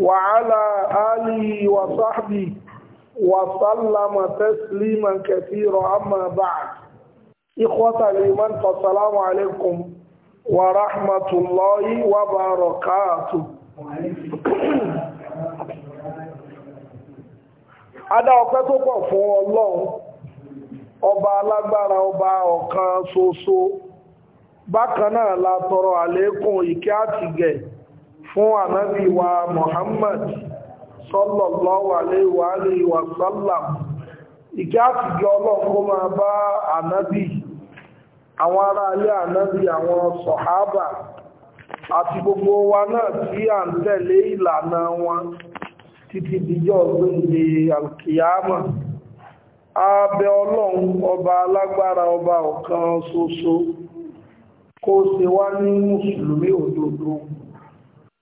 وعلى آله وصحبه وسلم تسليما كثيرا أما بعد إخوة الإيمان فالسلام عليكم ورحمة الله وبركاته Adá ọpẹ́ tó pọ̀ fún Ọlọ́run, ọba alágbára ọba ọ̀kan soso. bákan náà tọrọ àlékún ìkẹ́ àtìgẹ̀ fún ànábì wa Muhammad sallallahu alaihi wa sallam ìkẹ́ àtìjọ ọlọ́pọ̀ máa bá anabi. àwọn ará ilé ànábì àwọn sọ̀hábà àti gbogbo wa náà tí à ń tẹ̀lé ìlànà wọn títí díjọ́ gbéǹde alkiyama abẹ ọlọ́run ọba alágbára ọba ọ̀kan soso kó ṣe wá ní mùsùlùmí òdodo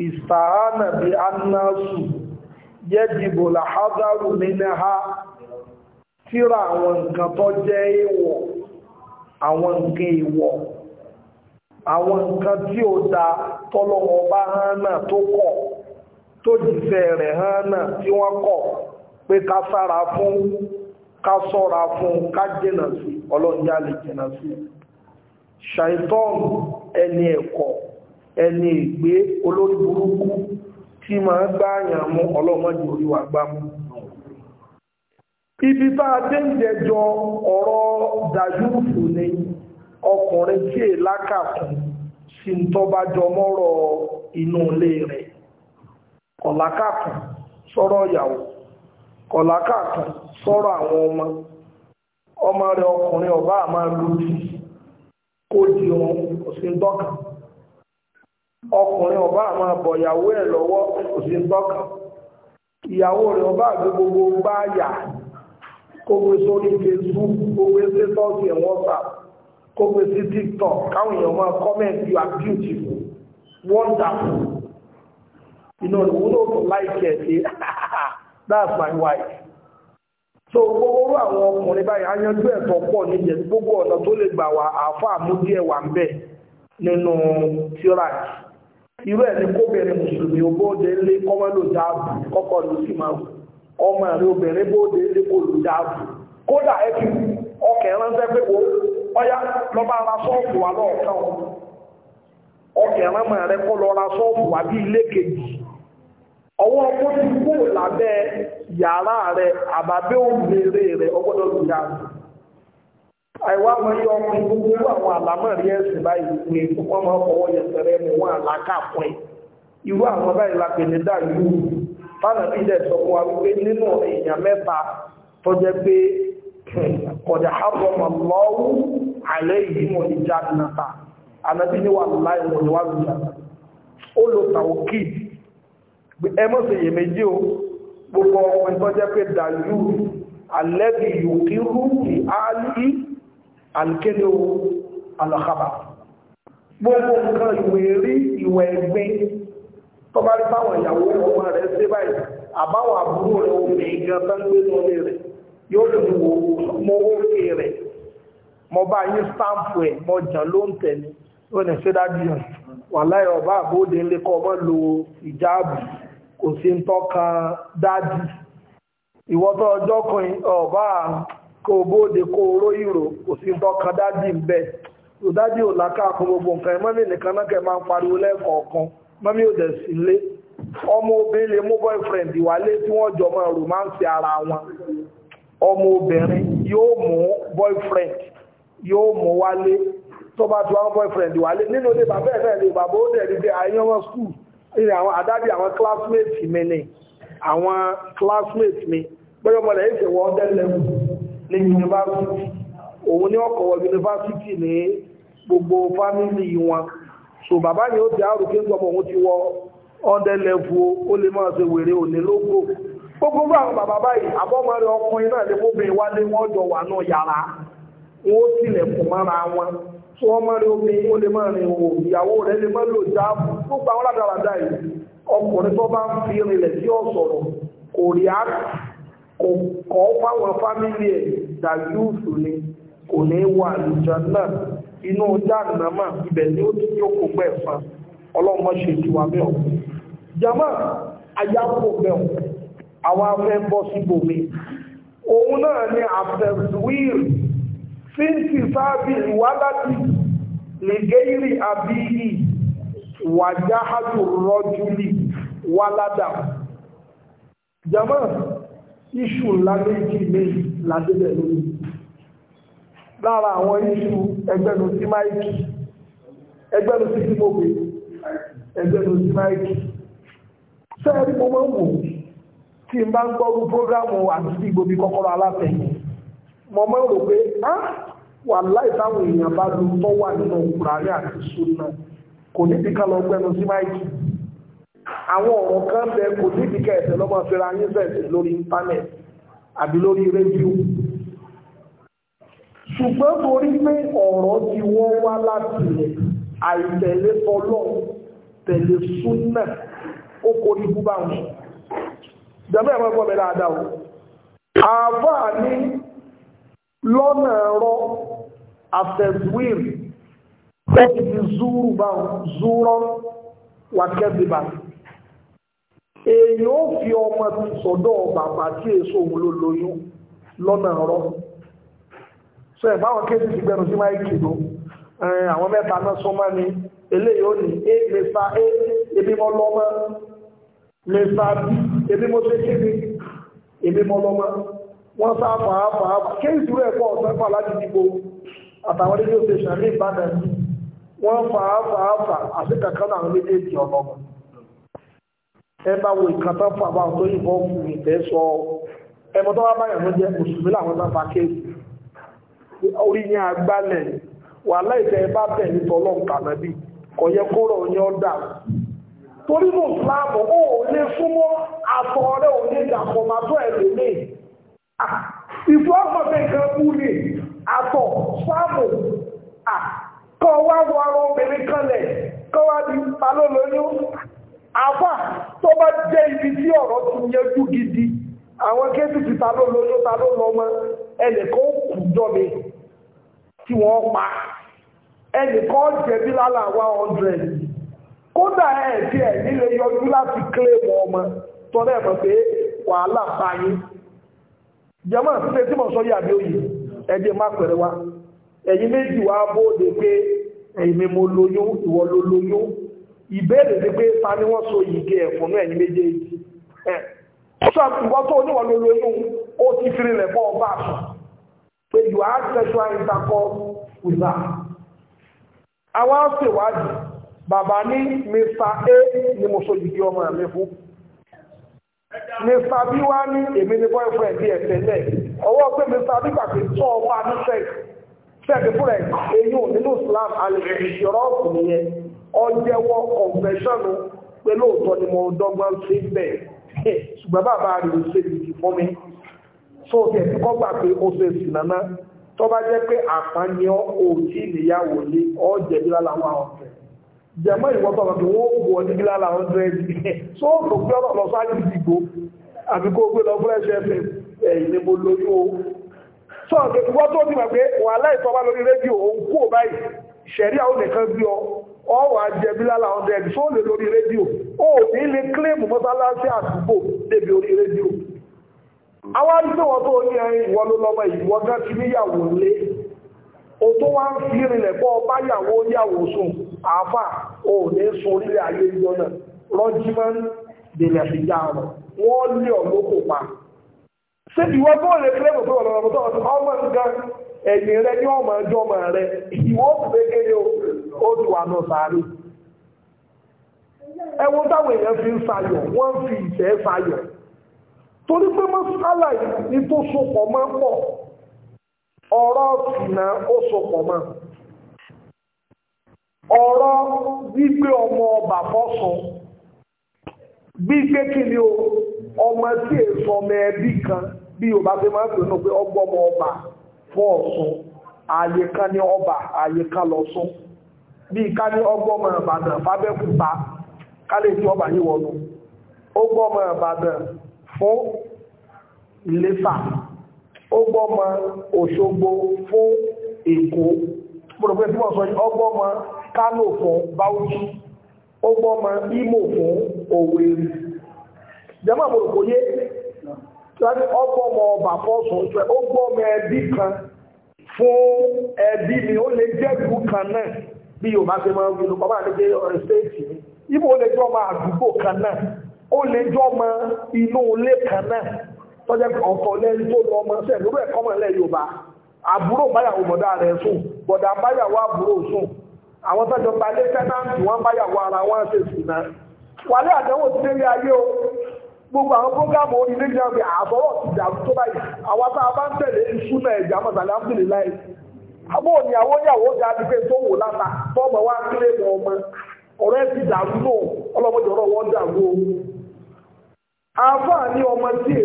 ìsàánà anasu anásù yẹ́dìbò làhádàrù ha tira àwọn nǹkan tó jẹ́ èèwọ̀ àwọn nǹkan èèwọ̀ àwọn nǹkan da hàn náà tí wọ́n kọ̀ pé ká sára fún ká sọ́ra fún ká jìnà sí lè ẹni ìgbé olórí burúkú tí ma ń gbáyàn mú ọlọ́mọdé orí wà gbámú ibi bá adéǹdẹjọ ọ̀rọ̀ dayúfù ni ọkùnrin tí èlákàkùn sí tọ́bájọ mọ́rọ̀ inú ilé rẹ̀ kọ̀lákàkùn sọ̀rọ̀ ìyàwó kọ̀lákàkùn sọ̀rọ̀ àwọn ọmọ ọmọ rẹ̀ ọkùnrin ọba àmà lójú kó di ohun òsíntọ́kàn ọkùnrin ọba àmọ́ àbọ̀ ìyàwó ẹ̀ lọ́wọ́ kò sí tọ́kàn ìyàwó rẹ̀ ọba àgbẹ̀ gbogbo bá yà kó gbé sórí facebook kó gbé sí tọ́sí ẹ̀ whatsapp kó gbé sí tiktok káwọn èèyàn máa comment you are beautiful wonderful iná ìwúlò tó láìkẹ̀ dé that's my wife so gbogbo àwọn ọkùnrin báyìí ayanjú ẹ̀tọ́ pọ̀ níjẹ̀ gbogbo ọ̀nà tó lè gbà wá àáfàá mú díẹ̀ wà ń bẹ̀ nínú tíráàkì irú ẹni kóbìnrin mùsùlùmí bóde lé kọ́mọ́ ló dáàbò kọ́kọ́ ló sì máa ọmọ rẹ̀ obìnrin bóde lé kó ló dáàbò kódà ẹbí ọkẹ̀ ránṣẹ́ pé wo ọyá lọ́ba ara wa ọkẹ̀ ránmọ̀ lọ ra wa bí ilé kejì ọwọ́ ọkọ̀ ti lábẹ́ yàrá àìwá máa àwọn àlámọ̀rí ẹ̀sìn báyìí pé wọ́n máa fọwọ́ yẹsẹ̀rẹ́ ni wọn àlákà fún irú àwọn báyìí la ní dàlú báyìí bí dẹ̀ sọ fún wa wípé nínú èèyàn mẹ́ta tó jẹ́ pé kọ̀dà lọ́wọ́ àlẹ́ yìí mọ̀ ní jáde ní wà láì ó tàwọn kí sí o gbogbo pé yòókì rú ti alkéde o alọ́kàbà gbogbo nǹkan ìwé rí ìwẹ̀ ẹgbẹ́ tó bá rí báwọn ìyàwó ọmọ rẹ̀ ṣe báyìí àbáwọn àbúrò rẹ̀ omi ìgan bá ń gbé lórí rẹ̀ yóò lè mú mo ókè rẹ̀ mo bá yín sáǹpù ẹ̀ mo jàn ló ń tẹ̀lé ó ní ṣé yàn wà láì ọba àbóde ńlẹ kọ ọmọ lo ìjáàbù kò sí ń tọ́ka dájú ìwọ́tọ̀ ọjọ́ kan ọba kò de kó oró ìrò kò sí tọ́ka dádì ń bẹ̀ ìdádì ò láká fún gbogbo nǹkan mọ́mí nìkan náà kẹ́ máa ń pariwo lẹ́ẹ̀kọ̀ọ̀kan mọ́mí ò dẹ̀ sí lé ọmọ obìnrin lè mú boyfriend wálé tí wọ́n jọ máa romance ara wọn ọmọ obìnrin yóò mú boyfriend yóò mú wálé tó bá ti wá boyfriend wálé nínú ilé bàbá ẹ̀ náà lè bàbá ó dẹ̀ rí bí àyàn classmates ni àwọn classmates mi gbọ́dọ̀ mọ̀lẹ́ ní yunifásitì òun ní ọkọ̀ wọ yunifásitì ní gbogbo fámìlì wọn so bàbá yẹn ó ti àrùn kí n gbọmọ òun ti wọ ọdẹ lẹfu ó lè máa ṣe wèrè òní lógó gbogbo bá àwọn bàbá báyìí àbọ́mọ́rẹ́ ọkùnrin náà lè mọ́bìnrin wálé wọ́n jọ wà náà yàrá wọn ó tilẹ̀kùn kò kọ́ fáwọn fámílì ẹ̀ dàyúùsù ni kò ní wà àlùjọ náà inú dáàdùnà mà ibẹ̀ ni ó ti kò pẹ̀ fún ọlọ́mọ ṣe ti wà bẹ́ẹ̀ jama ayáko bẹ́ẹ̀ àwọn afẹ́ bọ́ síbòmí òun náà ni àfẹ́sùwìr fíntì sáàbì ìwádàtì jama iṣu ńlá méjì méjì ládébẹ̀ lórí lára àwọn iṣu ẹgbẹ́nu sí máìkì ẹgbẹ́nu sí tí mo gbé ẹgbẹ́nu sí máìkì sẹ́ẹ̀rí mo máa ń wò tí n bá ń gbọ́rú prógrámù àti sí ìgbòmí kọ́kọ́rọ́ aláfẹ́ mo máa ń rò pé á wà láì táwọn èèyàn bá lu tó wà nínú kùràrí àti sunna kò ní ti ká lọ gbẹnu sí máìkì àwọn ọ̀rọ̀ kan bẹ kò sí ìdíkẹ́ ẹ̀sẹ̀ lọ́mọ fẹ́ra yín sẹ̀sẹ̀ lórí íńtánẹ̀tì àbí lórí rédíò ṣùgbọ́n torí pé ọ̀rọ̀ tí wọ́n wá láti rẹ̀ àìtẹ̀lé tọ́lọ́ tẹ̀lé súnà ó korí bú bá wọn jẹ́mẹ́ ẹ̀mọ́ ẹ̀kọ́ mi dáadáa o àáfàá ní lọ́nà ẹ̀rọ àfẹ̀síwìrì ó ti zúrù bá wọn zúrọ́ wà kẹ́sì bá èèyàn ó fi ọmọ ti sọ̀dọ̀ bàbá tí èso òun ló lóyún lọ́nà ọ̀rọ̀ so ẹ̀ báwọn kéèsì ti gbẹnu sí máa kìló àwọn mẹ́ta náà sọmọ́ ni eléyìí ó ní a mr a ebi mọ́ lọ́mọ́ mr b ebi mọ́ ṣe kí ni ebi mọ́ lọ́mọ́ wọ́n sá fàá fàá kéèsì rẹ̀ pọ̀ ọ̀sán fà láti dìbò àtàwọn rédíò station ní ẹ wo ìkan tán fún àbáwọn tó yìnbọn fún ìfẹ́ sọ ẹmọ tó wá báyà ló jẹ mùsùlùmí làwọn tán fa kéèkì orí yẹn agbálẹ̀ wàhálà ìfẹ́ bá bẹ̀ ní tọ́lọ́ǹkà náà bí kò yẹ kó rọ̀ yẹn ọ́ dà torí mò ń láàmú ó ò lè súnmọ́ àtọ̀ rẹ̀ ò lè dàpọ̀ máa tó ẹ̀ lè ìfọ́ ọmọdé kan kú ni àtọ̀ sáàmù kọ́ wá wọ ara obìnrin kan lẹ̀ kọ́ wá di palólóyún àfà tó bá jẹ́ ibi tí ọ̀rọ̀ ti yẹjú gidi àwọn kéfìsì ta ló lóyún ta ló lọ́mọ ẹnìkan kù jọ́mi tí wọ́n pa ẹnìkan jẹ̀bi lálà one hundred kódà ẹ̀ tí ẹ̀ nílé yọjú láti kílé mọ́ ọmọ tọ́lẹ̀ mọ̀ pé wàhálà báyé jẹ́mọ̀ sí tí mọ̀ sọ yà bí òyìn ẹgbẹ́ má pẹ̀rẹ̀ wa ẹ̀yin méjì wá bóde pé ẹ̀yin mi mo lóyún ìwọ ló lóyún ìbéèrè ni pé ta ni wọ́n so ìgé ẹ̀fọ́ náà ẹ̀yìn méjèèjì ẹ̀ sọ ìwọ́ tó oníwọ̀n ló lóyún ó ti fi rinlẹ̀ bọ́ ọba àṣọ pé you are sexual intercourse with her àwọn aṣèwádìí bàbá ní Mr. A ni mo so ìgé ọmọ mi fún Mr. B wá ní èmi ní boyfriend bí ẹ̀fẹ̀ náà ọwọ́ pé Mr. B gbà pé tọ́ ọba ní sex sex fúnra ẹ̀yìn nínú Islam alẹ́ ìṣòro ọ̀sùn nìyẹn ọjẹ́wọ́ confession pé lóòótọ́ ni mo dọ́gbọ́n sí bẹ́ẹ̀ ṣùgbọ́n bàbá rẹ̀ ṣe ìdí fún mi tó tẹ̀ tí kọ́ gbà pé ó ṣe sì nàná tó bá jẹ́ pé àpáyẹ òtí ìyàwó lé ọjẹ́ bí lára wọn àwọn ọ̀fẹ́ jẹmọ́ ìwọ́tọ̀ ọ̀dọ̀ wọ́n bù ọdí bí lára wọn rẹ̀ tó tó gbé ọ̀rọ̀ lọ sáájú ìdìbò àbí kó gbé lọ fúnlẹ̀ ṣe fẹ́ ẹ̀yìn mo lórí o tó ọ̀gẹ̀ ìwọ́tọ̀ ọ̀dìmọ̀ pé wà láìsọ bá lórí rédíò òun kú ò báyìí ṣẹ̀rí àwọn nìkan bí ọ ọwọ́ ajẹ́bílálà 100 fóòlù lórí rédíò ó ní lè kílèmù mọ́sálásí àdúgbò débi orí rédíò àwọn àdúgbò wọn tó ní ẹyin ìwọ ló lọ́mọ ìwọ gán ti níyàwó lé o tó wá ń fi rinlẹ̀ pọ́ ọba yàwó yàwó sùn àáfà ò ní sun orílẹ̀ ayé ìjọ náà rọ́jímọ́n dènà sí já rọ̀ wọ́n lé ọ̀ lókò pa ṣé ìwọ tó lè kílèmù tó wọ̀ lọ́wọ́ ẹ̀yìn rẹ ní ọmọ ẹjọ́ ọmọ rẹ ìwọ òkùnkè ní oṣù àná ẹwọ́n táwọn èèyàn fi ń wọ́n fi ìfẹ́ torí pé mọ́sálà ní tó sopọ̀ mọ́ pọ̀ ọ̀rọ̀ ìsìnà ó sopọ̀ mọ́ ọ̀rọ̀ gbígbé ọba gbígbé o ọmọ tí èso ọmọ ẹbí kan bí Yorùbá fi máa ń ọba fún ọ̀ṣun ààyè kan ní ọba ààyè kan lọ́ṣun bí ká ní ọgbọ́mọ ìbàdàn fábẹ́kúta ká lè tí ọba yìí wọnú ọgbọ́mọ ìbàdàn fún ìlẹ́fà ọgbọ́mọ òṣogbo fún èkó pọ̀lọ̀pẹ́ tí wọ́n sọ ọgbọ́mọ kánò fún báwùjú ọgbọ́mọ imo fún òwèrè jẹ́mọ̀ pọ̀lọ̀pọ̀ yé sáré ọgbọ́n ọmọ ọba fọ́sùn ọ̀sẹ̀ ẹbí kan fún ẹbí mi ó lè jẹ́ ìlú bí Yorùbá ṣe máa ń wí lọ́pọ̀ máa ń gbé mi ibo ó lè jọ ọmọ àdúgbò kan náà ó lè jọ ọmọ inú ilé kan náà tọ́jẹ́ ọ̀kọ̀ lẹ́yìn tó lọ ọmọ sẹ́ẹ̀ lórí ẹ̀kọ́ Yorùbá àbúrò báyàwó sùn àbúrò sùn àwọn wọn báyàwó ara wọn ṣe náà àdánwò ayé o gbogbo àwọn programu orí ilé ìjọba àbọ̀wọ̀ ti dàrú tó báyìí àwọn tá a bá ń tẹ̀lé iṣu náà ẹ̀jẹ̀ àmọ̀sálẹ̀ àmúlẹ̀ láì àbọ̀ ni àwọn ìyàwó ti pé tó wò láta wa kílé mọ̀ ọmọ ọ̀rọ̀ ẹ̀ ti dàrú náà wọn dàrú àfààní ọmọ tí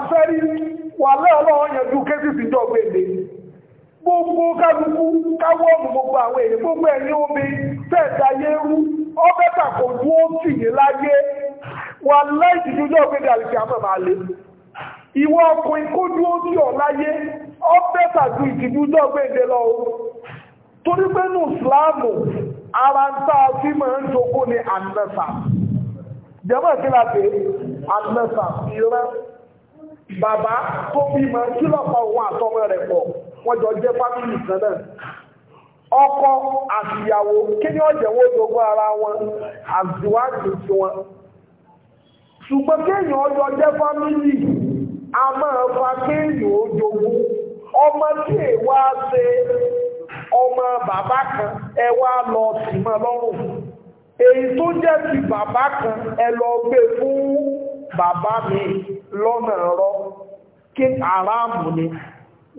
àbí wà lọ́ọ̀lọ́wọ́ yanjú kéfìsì jọ gbèdè gbogbo kálukú káwọ́ọ̀mù gbogbo àwọn èèyàn gbogbo ẹ̀yìn omi fẹ́ẹ̀ta yẹ́rú ọbẹ̀ tàkó dúó tì yín láyé wà láìsìdú jọ gbèdè àlùkí àmọ́ máa lé ìwọ ọkùnrin kó dúó tì ọ̀ láyé ọbẹ̀ tàkó ìtìdú jọ gbèdè lọ torí pé nù ìsìláàmù ara ń tá a fi máa ń jogún ní ànẹ́sà jẹ́mọ̀ kí la pè ànẹ́sà ìran bàbá tó bímọ kí lọ́pọ̀ òun àtọmọ rẹ̀ pọ̀ wọ́n jọ jẹ́ fámìlì kan náà ọkọ àtìyàwó kí ni ọ̀jẹ̀ wọn dogun ara wọn àzíwájú tí wọn ṣùgbọ́n kéèyàn ọjọ́ jẹ́ fámìlì a máa fa kéèyàn ó dogun ọmọ tí èwà ṣe ọmọ bàbá kan ẹ wá lọ tì mọ́ lọ́rùn èyí tó jẹ́ ti bàbá kan ẹ lọ gbé fún bàbá mi lọ́nà ẹ̀rọ kí àràmù ni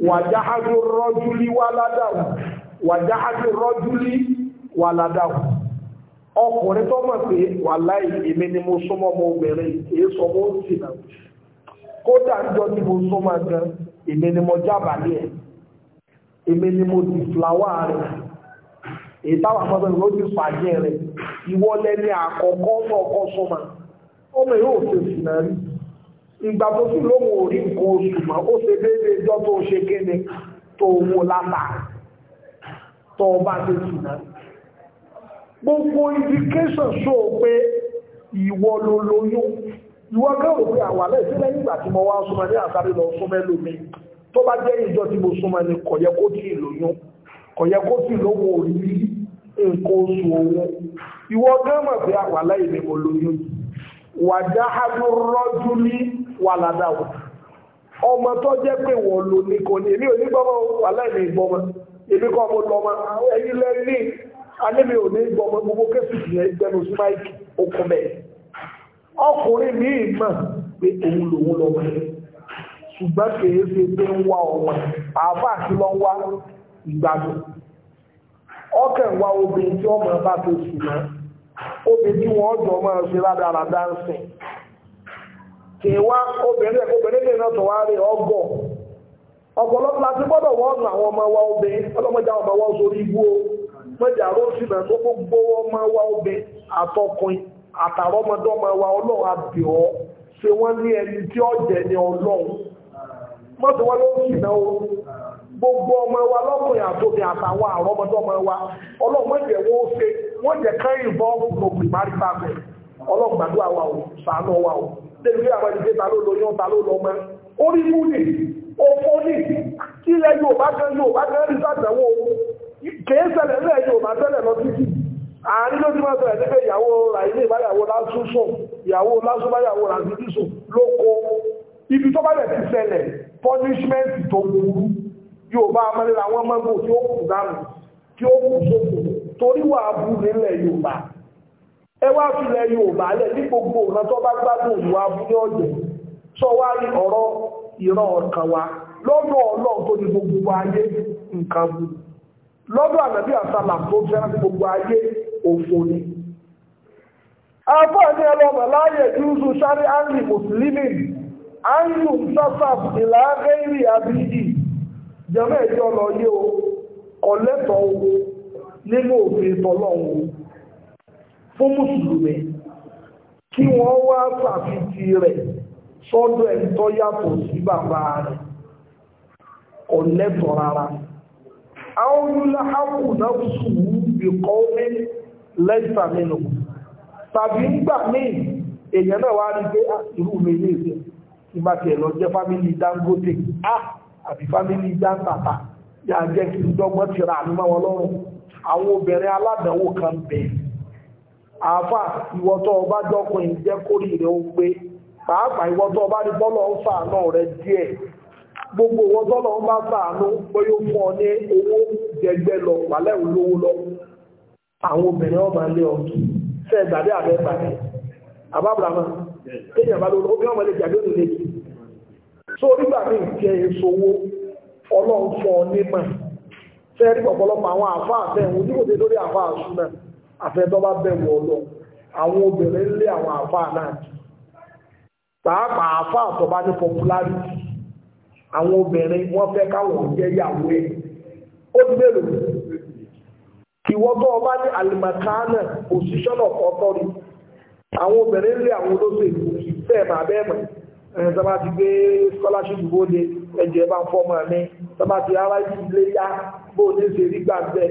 wàjáhájú rọ́júlí wà ládàwù wàjáhájú rọ́júlí wà ládàwù ọkùnrin tó mọ̀ pé wà láì èmi ni mo súnmọ́ ọmọ obìnrin èyí sọ mọ́ sí náà kódà ń ní mo súnmọ́ gan èmi ni mo jábàálẹ̀ èmi ni ìgbà tó sì lóhun ò rí nǹkan oṣù mọ́ ó ṣe déédéé ìjọ tó ṣe kéde tó mú láta tó bá ṣe ṣùgbọ́n gbogbo indication ṣó o pé ìwọ ló lóyún ìwọ gẹ́rù pé àwàlẹ̀ sílẹ̀ nígbà tí mo wá súnmọ́ ní àsáré lọ súnmọ́ lómi tó bá jẹ́ ìjọ tí mo súnmọ́ ni kò yẹ kó tí ì lóyún kò yẹ kó tí ì lóhun ò rí nǹkan oṣù wàlàdà wò ọmọ tó jẹ́ pé wọ́n lò ní kò ní èmi ò ní gbọ́mọ wàhálà èmi ìgbọ́mọ èmi kọ́ mo lọ mọ ẹ̀yin lẹ́ni anẹ́mi ò ní gbọ́mọ gbogbo kéṣù yẹn gbẹnu sí máìkì okùn bẹ́ẹ̀ ọkùnrin mi mọ̀ pé òun lòun lọ mọ̀ ṣùgbọ́n kìí ṣe pé ń wá ọmọ àáfàá sí lọ ń wá ìgbàdùn ọkẹ̀ ń wá obìnrin tí ọmọ bá tó sùn mọ́ obìnrin tí wọ́n jọ máa ṣe rádaràdá ń sìn kèwá obìnrin ẹ̀kọ́ obìnrin lè náà tó wá rí ọgọ́ ọ̀pọ̀lọpọ̀ láti gbọ́dọ̀ wọ́n nù ọlọ́mọdé àwọn ọmọ wa sórí igbó tó gbogbo ọmọ wa àtọkùnrin àtàrọ ọmọdé ọmọ wa wọ́n ní ẹni tí ọ̀jẹ̀ ni wọn ló gbogbo ọmọ wa lọ́kùnrin àtàwọn ọmọdé débi pé àwọn ìdíje ta ló lóyún ta ló lọ́mọ orí mú nì òfò nì kí ilẹ̀ Yorùbá gan Yorùbá gan rí sàtẹ̀wò kèé ṣẹlẹ̀ ilẹ̀ Yorùbá tẹ́lẹ̀ lọ títí àárín ló ti máa ṣẹlẹ̀ nípa ìyàwó ràìlé ìbáyàwó lásùsùn ìyàwó lásùmáyàwó ẹ wá filẹ̀ Yorùbá lẹ̀ ní gbogbo ọ̀nà tó bá gbádùn ìwà abúlé ọ̀jẹ̀ sọ wá ní ọ̀rọ̀ ìran ọ̀kan wa lọ́dọ̀ gbogbo ayé nǹkan bu lọ́dọ̀ àgbẹ̀bí àsálà tó fẹ́ gbogbo ayé òfò ni. ní láàyè júùsù sáré mùsùlùmí ìlà o kọ̀lẹ́tọ̀ nínú òfin tọ́lọ́run fún mùsùlùmí kí wọ́n wá sàfitì rẹ̀ sọ́dọ̀ ẹ̀ tó yàtọ̀ sí bàbá rẹ̀ kò lẹ́tọ̀ rárá àwọn olùlàákù ìkọ́ omi nínú tàbí ńgbà míì náà wá rí pé ah, mi ní ìsìn tí lọ jẹ́ Dangote ah, àbí yà jẹ́ kí dọ́gbọ́n àáfà ìwọ́tọ̀ ọba jọkùnrin jẹ́ rẹ̀ ó pé pàápàá ọba ní bọ́lọ̀ ń fàánà rẹ̀ díẹ̀ gbogbo ìwọ́tọ̀ lọ ń bá fàánú fún ọ ní owó jẹgbẹ́ lọ pàlẹ́ olówó lọ àwọn obìnrin ọba lé ọtún fẹ́ ìgbàdé àbẹ́ ìgbàdé kéèyàn bá lè jàdé òní lè mí ọlọ́run fún ọ àwọn àfáà fẹ́ àfẹ́tọ́ bá bẹ̀rù ọlọ́run àwọn obìnrin lé àwọn àfáà náà kì pàápàá àfáà tó bá ní popularity àwọn obìnrin wọ́n fẹ́ káwọn jẹ́ yàwó ẹ̀ ó ti bẹ̀rù ìwọ́tọ́ ọba ní alimakana position of authority àwọn obìnrin lé àwọn olóṣèlú bẹ́ẹ̀ máa bẹ́ẹ̀ mọ̀ ẹ̀yìn sábà ti gbé scholarship bóde ẹ̀jẹ̀ bá ń fọ́mọ̀ mi sábà ti ara ilé yá bóde ṣe rí gbàgbẹ́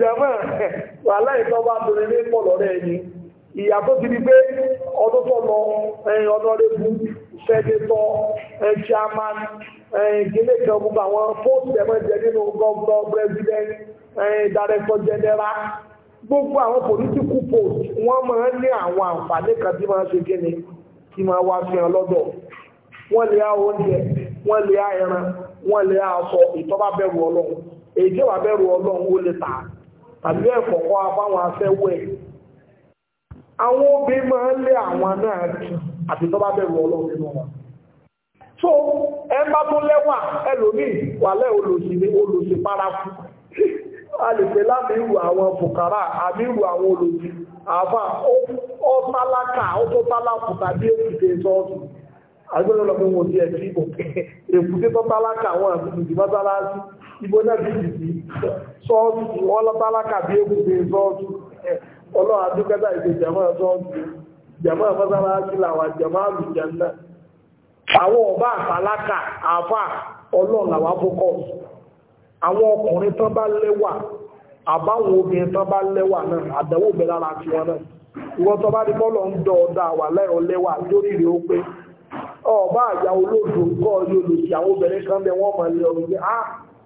jẹ̀mọ́ wàhálà ìtọ́ bá torí ní pọ̀lọ̀ rẹ̀ ni ìyà tó ti di pé ọdún tó lọ ẹ̀yìn ọdọ́rẹ́bù sẹ́dẹ̀tọ̀ chairman ìgbìlẹ̀ kan gbogbo àwọn post ẹ̀mọ́jẹ nínú gọ́gbọ́ president director general gbogbo àwọn political post wọ́n máa ń ní àwọn àǹfààní kan tí máa ń ṣe kíni tí máa wá fi hàn lọ́dọ̀ wọ́n lè á oúnjẹ wọ́n lè á ẹran wọ́n lè á aṣọ ìtọ́ba bẹ̀rù ọlọ́run èyí tí wàá bẹ̀rù ọlọ́run ó lè tà á àbí ẹ̀kọ̀kọ́ abáwọn afẹ́wẹ̀ àwọn obìnrin máa ń lé àwọn náà kí àti tó bá bẹ̀rù ọlọ́run nínú wọn so ẹ bá tún lẹ́wà ẹlòmíì wàlẹ́ olùsìnrin olùsìn paraku a lè pè láti ìrù àwọn fùkàrà àbí ìrù àwọn olùsìn àbá ó tálákà ó tó tálákù tàbí èkìtì sọ́ọ̀tù àgbẹ̀lọ́lọ́gbọ̀n wọn ti ẹ̀ sí ìbò èkìtì tó tálákà wọn àti ìdìbọ́tálásí Igbo náà dị jìbì sọ́ọ̀tù wọ́n lọ́tàlákà bụ egwu sọ́ọ̀tù ọlọ́run adúgbẹ́ta ìgbè jẹ̀mọ́ sọ́ọ̀tù jẹ̀mọ́ àwọn ọba àtàlákà àfà ọlọ́run làwọn àwọn ọkùnrin tán bá lẹ́wà àbáwọn obìnrin tán bá lẹ́wà náà náà ìwọ́n tán bá di bọ́ọ̀lù ń dọ̀ wà ọba àyà olóòdò kọ́ yóò lòdì àwọn obìnrin kan wọ́n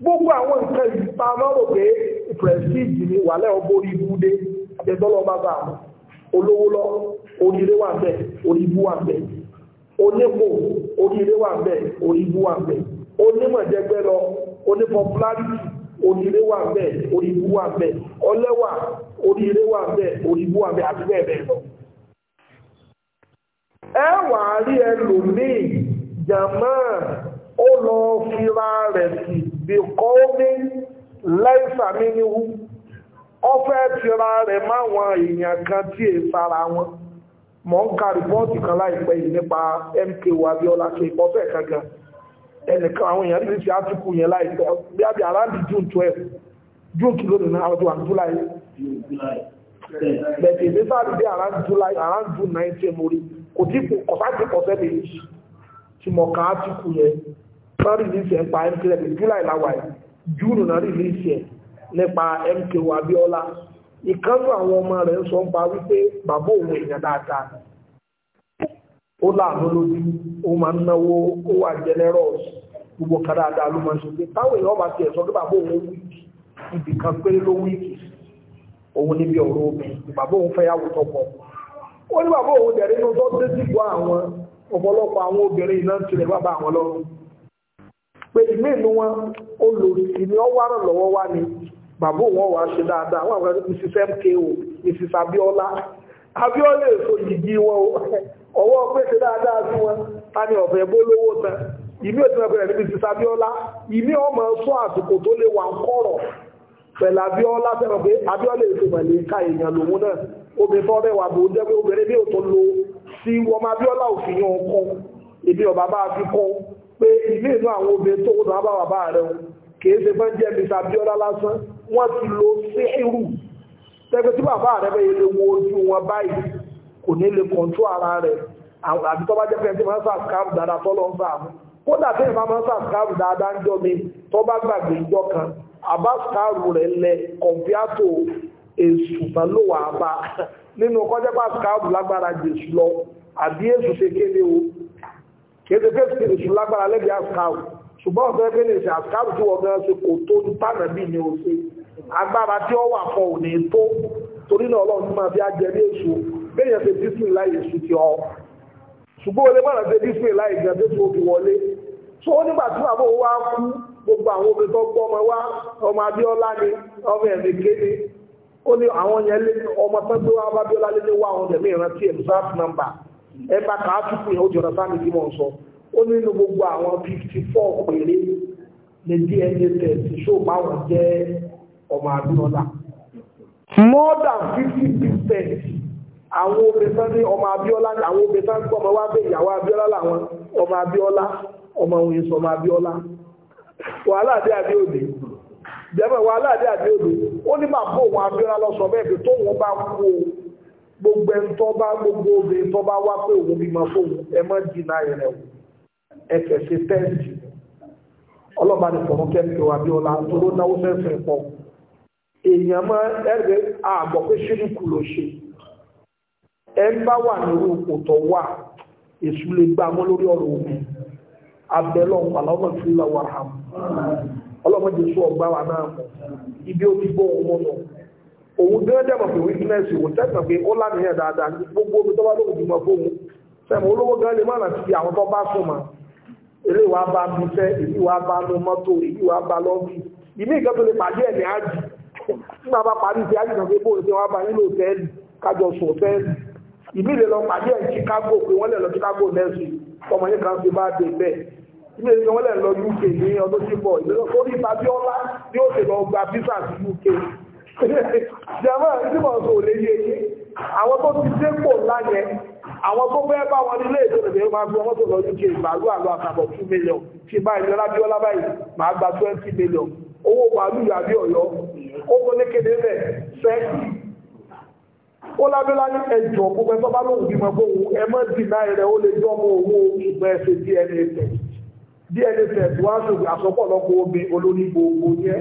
gbogbo àwọn nǹkan ìta lọ́rọ̀ pé prestige ni wàlẹ́ ọgbórí ibúdé àtẹ́tọ́lọ́ bá bá àwọn olówó lọ oríire wà bẹ́ẹ̀ oríbú wà bẹ́ẹ̀ onípò oríire wà bẹ́ẹ̀ oríbú wà bẹ́ẹ̀ onímọ̀jẹgbẹ́ lọ onípopularity oríire wà bẹ́ẹ̀ oríbú wà bẹ́ẹ̀ ọlẹ́wà oríire wà bẹ́ẹ̀ oríbú wà bẹ́ẹ̀ àti bẹ́ẹ̀ bẹ́ẹ̀ lọ. ẹ wàá rí ẹlòmíì jàmáà ó lọ fira rẹ̀ sí bí kọ́ ní lẹ́sàmí níhú ọfẹ́ tira rẹ̀ máwọn èèyàn kan tí è sára wọn mọ̀ ń ka rìpọ́ọ̀tì kan láìpẹ́ yìí nípa MKO Abíọ́lá ṣe ìpọ́fẹ́ kankan ẹnìkan àwọn èèyàn ti ṣe átíkù yẹn láìpẹ́ bí àbí around June 12, June kìló nínú àwọn tó wà ní July bẹ̀tẹ̀ ìdí sáré dé around July around June nineteen mo rí kò tí kò sáà ti pọ̀ sẹ́ni tí mọ̀ ká átíkù yẹn wọ́n rìlíìsì ẹ̀ pa mk lẹ́bi july làwà yìí june náà rìlíìsì ẹ̀ nípa mk Abíọ́lá ìkánú àwọn ọmọ rẹ̀ ń sọ ń pa wípé bàbá òun èèyàn dáadáa ó láàánú lójú ó máa ń náwó ó wà generous gbogbo kan dáadáa ló máa ń ṣe pé táwọn èèyàn bá tiẹ̀ sọ pé bàbá òun wíìkì ibì kan péré ló wíìkì òun níbi ọ̀rọ̀ obìnrin bàbá òun fẹ́ yàwó tọkọ ó ní bàbá òun dẹ̀rẹ́ inú tó dé sípò àwọn ọ̀pọ̀lọpọ̀ àwọn obìnrin iná tilẹ̀ bàbá àwọn lọ́rùn pé ìmí ìlú wọn olùsí ni ó wá ràn lọ́wọ́ wá ni bàbá òun ọ̀wá ṣe dáadáa wọn àwọn mrs mko mrs abiola abiola èso yìí wọn ọwọ́ pé ṣe dáadáa sí wọn ta ni ọ̀fẹ́ bó lówó tán ìmí òtún ẹgbẹ̀rẹ̀ níbi mrs abiola ìmí ọmọ sọ àsìkò tó lè wà ń kọ̀rọ̀ pẹ̀lú abiola fẹ́ràn pé abiola èso pẹ̀lú ìka èèyàn lòun náà obìnrin tó rẹwà bò jẹ́ pé obìnrin bí òtún lo sí ọmọ abiola òfin yàn kọ́ ebi pé ilé inú àwọn obìnrin tó wọ́n bá bàbá rẹ̀ o kìí ṣe fẹ́ jẹ́ mr abiola lásán wọ́n ti lo sẹ́ẹ̀rù tẹ́gbẹ́ tí bàbá rẹ̀ bẹ́ẹ̀ lè wo ojú wọn báyìí kò ní lè kọ̀ǹtú ara rẹ̀ àbí tó bá jẹ́ pẹ́ntì máa ń sàkáàbù dáadáa tọ́lọ́ ń sàmú kódà tẹ́yìn máa ń sàkáàbù dáadáa ń jọ mi tó bá gbàgbé ìjọ kan àbá sàkáàbù rẹ̀ lẹ kọ̀m̀píátò èṣù tán ló nínú kọjá pàṣẹ sàkáàbù lágbára jésù lọ àbí èṣù ṣe kéde o kéde kéde lè ṣù lágbára lẹ́bi àṣkáwù ṣùgbọ́n ọ̀fẹ́ pé lè ṣe àṣkáwù tí wọ́n gan ṣe kò tó ní pàànà bí ni o ṣe agbára tí ó wà fún òní tó torí náà ọlọ́run máa fi ajẹ́ ní èṣù bẹ́ẹ̀ yẹn ṣe disney láì èṣù ti ọ ṣùgbọ́n olè bá ṣe disney láì gan tó tó fi wọlé tó ó nígbà tí àbọ̀ wa kú gbogbo àwọn obìnrin tó gbọ́ ọmọ wa ọmọ Abíọ́lá ni ọmọ ẹ̀mí ni ó ní àwọn yẹn lé ọmọ tó gbé wa Abíọ́lá lé ní wá àwọn ẹ̀mí ìrántí ẹ̀ ẹ bá kà á túpù yẹn ó jọra sáà nìdí mọ̀ sọ ó nínú gbogbo àwọn fifty four péré ní DNA test ṣó báwọn jẹ́ ọmọ àdúrà more than fifty percent àwọn obìnrin ní ọmọ Abíọ́lá àwọn obìnrin tó ọmọ wá bẹ ìyàwó Abíọ́lá làwọn ọmọ Abíọ́lá ọmọ òun yìí sọ ọmọ Abíọ́lá wàhálà dé Abíọ́dé jẹ́mọ̀ wàhálà dé Abíọ́dé ó ní bàbá òun Abíọ́lá lọ sọ bẹ́ẹ̀ pé tóun bá kú o gbogbo ẹni tó bá gbogbo obìnrin tó bá wá pé òun bímọ fóun ẹ má dínà rẹ̀ o ẹ fẹ̀sẹ̀ tẹ́ǹtì ọlọ́ba ní fọ̀rọ̀ kẹ́mi wà bí ọlá toró náwó fẹ́fẹ́ pọ̀ èèyàn máa ẹ̀rẹ́ àgbọ̀ pé ṣíríkù ló ṣe ẹ ń bá wà nírú ipò tó wà èṣù lè gbá mọ́ lórí ọ̀rọ̀ òun abẹ́lọ́ ọ̀pàlọ́mọ ìfúnlẹ̀ wàhálà ọlọ́mọdé sọ ọgbà wà náà ibi ó ti bọ́ òun mọ́nà òun dé dẹ̀mọ̀ pé weakness òun tẹ̀sán pé ó láti yẹn dáadáa gbogbo omi tó bá lóògùn jùmọ̀ fóun sẹ́mu olówó gan lè má nà ti àwọn tó bá sùn mọ́ eré wa bá mi fẹ́ èyí wa bá nu mọ́tò èyí wa bá lọ́ọ̀bì ìmí ìkan tó lè pàdé ẹ̀ ní ájì nígbà bá parí ti ájì kan pé bóun ṣe wá bá nínú òtẹ́ẹ̀lì kájọ sùn òtẹ́ẹ̀lì ìmí ìlè lọ pàdé ẹ̀ Chicago pé wọ́n lè lọ Chicago nẹ́ẹ̀sì ọmọ yìí kan fi bá dé bẹ́ẹ̀ ilé UK ní ọdún tí bọ̀ ìlú orí ìbábí ọlá yóò ṣe lọ gba visa sí UK jàmá ìdíbọn sọ ò lè yé yé àwọn tó ti dépò ńlá yẹn àwọn tó fẹ́ bá wọn nílé ètò ìdè máa gbé ọmọ tó lọ UK màálù àlọ́ àtàbọ̀ two million ṣe báyìí lọ́lá bí ọlá báyìí máa gba twenty million owó màálù yàbí ọ̀yọ́ ó kó ní kéde bẹ̀ sẹ́ẹ̀kì ó lábẹ́lá ní ẹjọ́ gbogbo ẹgbẹ́ bá lóhùn bímọ gbóhùn ẹ mọ́ dì náà rẹ̀ ó lè jọ́ mọ́ owó ìgbà ẹ̀sẹ̀ DNA test DNA test wá ṣògbé àsọpọ̀lọpọ̀ omi olórí gbogbo yẹ́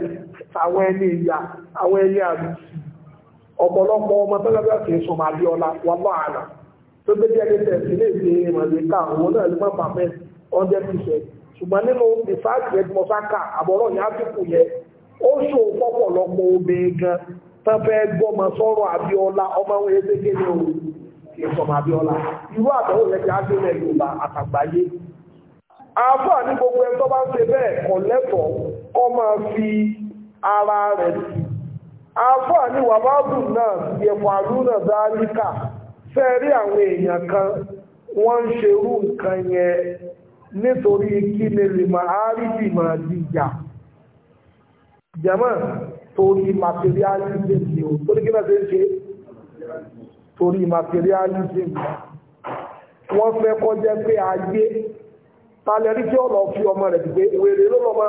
àwọn ẹni ìyá àwọn ẹni àrùsì ọ̀pọ̀lọpọ̀ ọmọ tọ́lọ́gbà kì í sọmọ àbíọ́lá wọn lọ́ tó gbé DNA ilé ìgbé ìrànlẹ́ká òun náà lè má pàmẹ́ 100% ṣùgbọ́n nínú ìfáàkì ẹgbọ́sáka àbọ̀rọ̀ yẹn ó pọ̀pọ̀lọpọ̀ omi gan fẹ́ gbọ́mọ sọ́rọ̀ ọmọ ẹgbẹ́ òun kì í sọmọ irú àtọ́wò afọ ní gbogbo ẹ̀ tó bá ń ṣe bẹ́ẹ̀ fi ara rẹ̀ sí afọ ní wàbábù náà yẹ̀fọ̀ àrùnà dáríkà fẹ́ rí àwọn èèyàn kan wọ́n ń ṣerú nǹkan yẹn nítorí kí ni lè máa rí bí máa dìjà jẹ́mọ́ torí materialism ni o torí kí náà ṣe ń ṣe torí materialism wọ́n fẹ́ pé tàlẹ̀ rí tí ó fi ọmọ rẹ̀ pé wèrè ló na